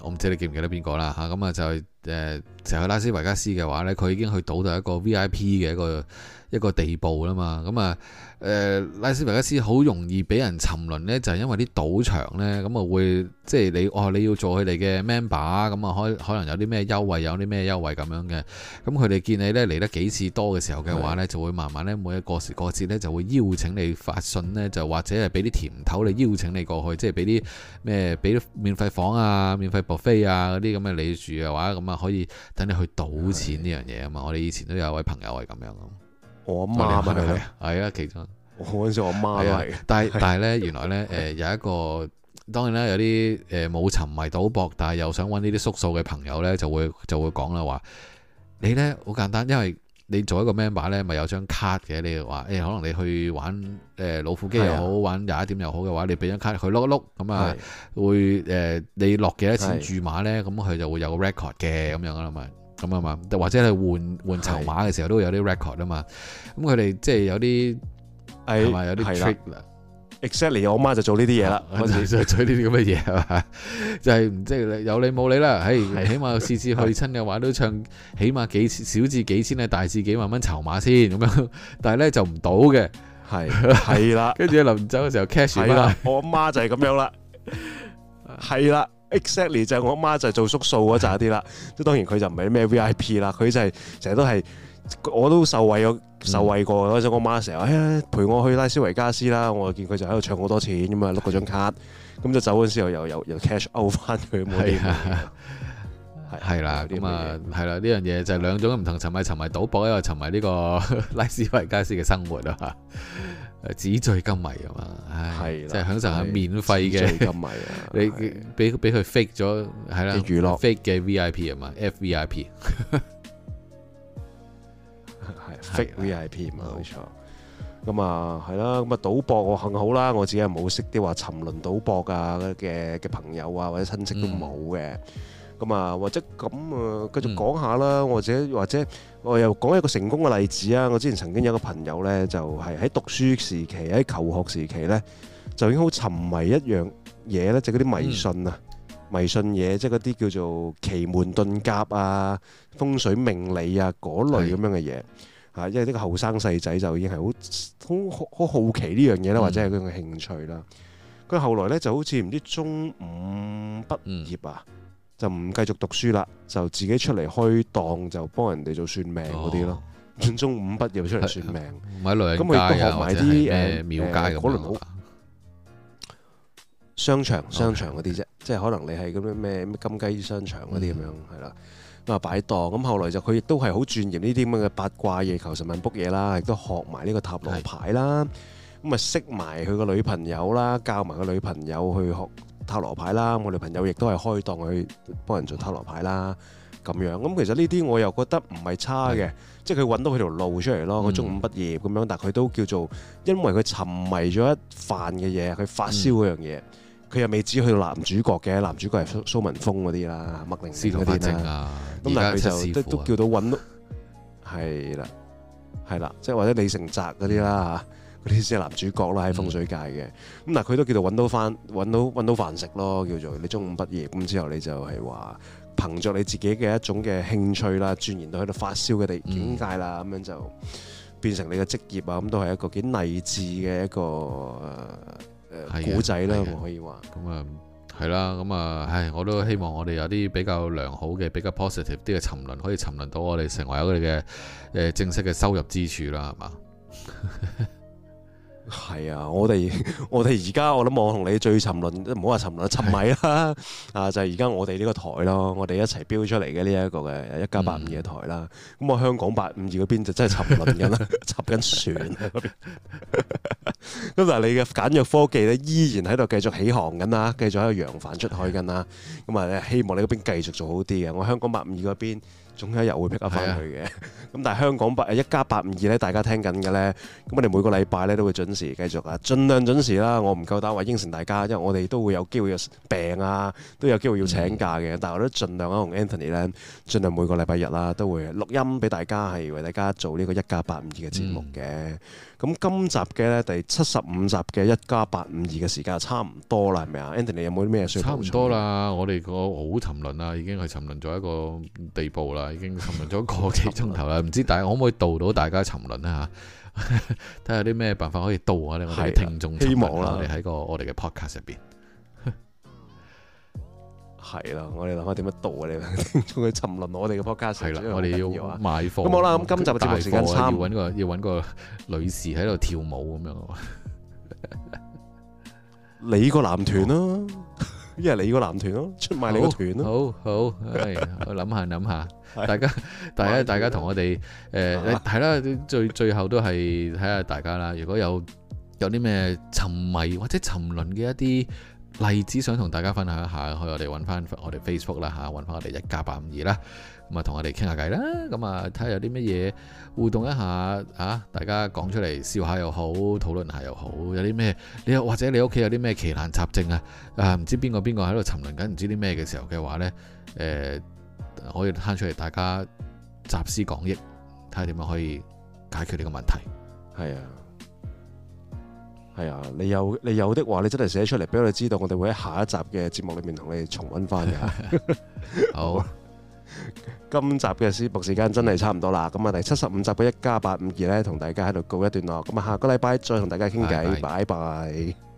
我唔知你記唔記得邊個啦嚇，咁、嗯、啊就誒成日去拉斯維加斯嘅話呢，佢已經去到一個 VIP 嘅一個一個地步啦嘛。咁、嗯、啊～、嗯誒、呃、拉斯維加斯好容易俾人沉淪呢，就係、是、因為啲賭場呢。咁啊會即係你哦，你要做佢哋嘅 member 咁啊，可可能有啲咩優惠，有啲咩優惠咁樣嘅。咁佢哋見你呢，嚟得幾次多嘅時候嘅話呢，的就會慢慢呢，每一個時過節呢，一一就會邀請你發信呢，就或者係俾啲甜頭嚟邀請你過去，即係俾啲咩俾啲免費房啊、免費 buffet 啊嗰啲咁嘅你住嘅話，咁啊可以等你去賭錢呢樣嘢啊嘛。的我哋以前都有一位朋友係咁樣。我媽咪係啊，其實我嗰時我媽，但係但係咧，原來呢，誒有一個當然啦，有啲誒冇沉迷賭博，但係又想揾呢啲縮數嘅朋友呢，就會就會講啦，話你呢，好簡單，因為你做一個 member 咧，咪有張卡嘅。你話誒可能你去玩誒老虎機又好，玩廿一點又好嘅話，你俾張卡佢碌一碌咁啊，會誒你落幾多錢注碼呢？咁佢就會有個 record 嘅咁樣啦嘛。咁啊嘛，或者去換換籌碼嘅時候都會有啲 record 啊嘛，咁佢哋即係有啲係嘛，有啲 trick 啦。Exactly，我媽就做呢啲嘢啦，就做呢啲咁嘅嘢係就係即係有你冇你啦。的起碼次次去親嘅話都唱起碼，起碼小至幾千啊，大至幾萬蚊籌碼先咁樣，但係咧就唔到嘅，係係啦。跟住臨走嘅時候 cash 啦，我阿媽就係咁樣啦，係啦。 [LAUGHS] [LAUGHS] Exactly，就係我阿媽就係做縮數嗰扎啲啦，即係當然佢就唔係咩 VIP 啦，佢就係成日都係我都受惠咗受惠過，即係我媽成日，哎陪我去拉斯維加斯啦，我見佢就喺度唱好多錢咁啊，碌嗰張卡，咁就走嗰時候又又又 cash out 翻佢。係啊，係啦，咁啊係啦，呢樣嘢就係兩種唔同沉迷，沉迷賭博一個沉迷呢個拉斯維加斯嘅生活啊。誒，紙醉金迷啊嘛，係，即係享受下免費嘅，你俾俾佢 fake 咗，係啦，娛樂 fake 嘅 VIP 啊嘛，F VIP，係 fake VIP 啊嘛，冇錯。咁啊，係啦，咁啊，賭博我幸好啦，我自己係冇識啲話沉淪賭博啊嘅嘅朋友啊，或者親戚都冇嘅。咁啊、嗯，或者咁啊，繼續講下啦，或者或者我又講一個成功嘅例子啊。我之前曾經有個朋友呢，就係、是、喺讀書時期，喺求學時期呢，就已經好沉迷一樣嘢呢，就嗰、是、啲迷信啊、嗯、迷信嘢，即係嗰啲叫做奇門遁甲啊、風水命理啊嗰類咁樣嘅嘢啊。是因為呢個後生細仔就已經係好好好好奇呢樣嘢啦，嗯、或者係佢嘅興趣啦。佢後來呢，就好似唔知中五、嗯、畢業啊。嗯就唔繼續讀書啦，就自己出嚟開檔，就幫人哋做算命嗰啲咯。哦、中五畢業出嚟算命，咁佢都學埋啲誒廟街可能好，商場 okay, 商場嗰啲啫。okay. 即係可能你係咁樣咩咩金雞商場嗰啲咁樣係啦。咁啊、嗯、擺檔，咁後來就佢亦都係好鑽研呢啲咁嘅八卦嘢、求神問卜嘢啦，亦都學埋呢個塔羅牌啦。咁啊的識埋佢個女朋友啦，教埋個女朋友去學。塔羅牌啦，我女朋友亦都係開檔去幫人做塔羅牌啦，咁樣咁其實呢啲我又覺得唔係差嘅，的即係佢搵到佢條路出嚟咯，佢、嗯、中五畢業咁樣，但係佢都叫做因為佢沉迷咗一番嘅嘢，佢發燒嗰樣嘢，佢、嗯、又未止去到男主角嘅，男主角係蘇民峰嗰啲啦，麥玲玲嗰啲啦，咁、啊、但係佢就都都、啊、叫到搵咯，係啦係啦，即係或者李丞責嗰啲啦吓。嗰啲即係男主角啦，喺風水界嘅咁，嗱，佢都叫做揾到翻揾到揾到飯食咯，叫做你中五畢業咁之後，你就係話憑着你自己嘅一種嘅興趣啦，轉變到喺度發燒嘅地境界啦，咁、嗯、樣就變成你嘅職業啊，咁都係一個幾勵志嘅一個誒誒古仔啦，呃、的我可以話。咁啊，係啦，咁啊、嗯嗯，唉，我都希望我哋有啲比較良好嘅、比較 positive 啲嘅沉淪，可以沉淪到我哋成為我哋嘅誒正式嘅收入支柱啦，係嘛？ [LAUGHS] 係啊，我哋我哋而家我諗我同你最沉淪，唔好話沉淪，沉迷啦啊！是的 [LAUGHS] 就係而家我哋呢個台啦，我哋一齊飆出嚟嘅呢一個嘅一家八五二嘅台啦。咁、嗯、我香講八五二嗰邊就真係沉淪緊啦， [LAUGHS] 沉緊船。咁 [LAUGHS] [LAUGHS] 但係你嘅簡約科技咧，依然喺度繼續起航緊啦，繼續喺度揚帆出海緊啦。咁啊，希望你嗰邊繼續做好啲嘅。我香講八五二嗰邊。總有一日會 pick up 翻去嘅。咁 [LAUGHS] 但係香港八一加八五二咧，大家聽緊嘅咧，咁我哋每個禮拜咧都會準時繼續啊，盡量準時啦。我唔夠膽話應承大家，因為我哋都會有機會有病啊，都有機會要請假嘅。但係我都盡量啊，同 Anthony 咧，盡量每個禮拜日啦，都會錄音俾大家，係為大家做呢個一加八五二嘅節目嘅。咁、嗯、今集嘅咧，第七十五集嘅一加八五二嘅時間差唔多啦，係咪啊？Anthony 有冇啲咩需要補充？差唔多啦，我哋個好沉淪啊，已經係沉淪咗一個地步啦。已經沉淪咗個幾鐘頭啦，唔 [MUSIC] 知大家 [MUSIC] 可唔可以導到大家沉淪咧吓？睇下啲咩辦法可以導啊的！ [LAUGHS] 我哋聽眾希望啦，我哋喺個我哋嘅 podcast 入邊，係啦，我哋諗下點樣導啊！我哋聽眾去沉淪我哋嘅 podcast。係啦，我哋要賣貨。咁好啦，咁今集嘅直播時間要搵個要搵個女士喺度跳舞咁樣。 [LAUGHS] 你個男團咯、啊，因為你個男團咯、啊，出賣你個團咯、啊。好好，好我諗下諗下。大家，的大家，大家同我哋，誒、呃，係啦、啊，最最後都係睇下大家啦。如果有有啲咩沉迷或者沉淪嘅一啲例子，想同大家分享一下，去我哋揾翻我哋 Facebook 啦吓，揾、啊、翻我哋一家八五二啦。咁啊，同我哋傾下偈啦。咁啊，睇下有啲乜嘢互動一下啊，大家講出嚟笑下又好，討論下又好。有啲咩？你或者你屋企有啲咩奇難雜症啊？啊，唔知邊個邊個喺度沉淪緊，唔知啲咩嘅時候嘅話呢？誒、呃。呃可以攤出嚟，大家集思廣益，睇下點樣可以解決呢個問題。係啊，係啊，你有你有的話，你真係寫出嚟俾我哋知道，我哋會喺下一集嘅節目裏面同你哋重溫翻嘅。 [LAUGHS] 好， [LAUGHS] 今集嘅思博時間真係差唔多啦，咁啊第七十五集嘅一家八五二咧，同大家喺度告一段落，咁啊下個禮拜再同大家傾偈，拜拜。拜拜。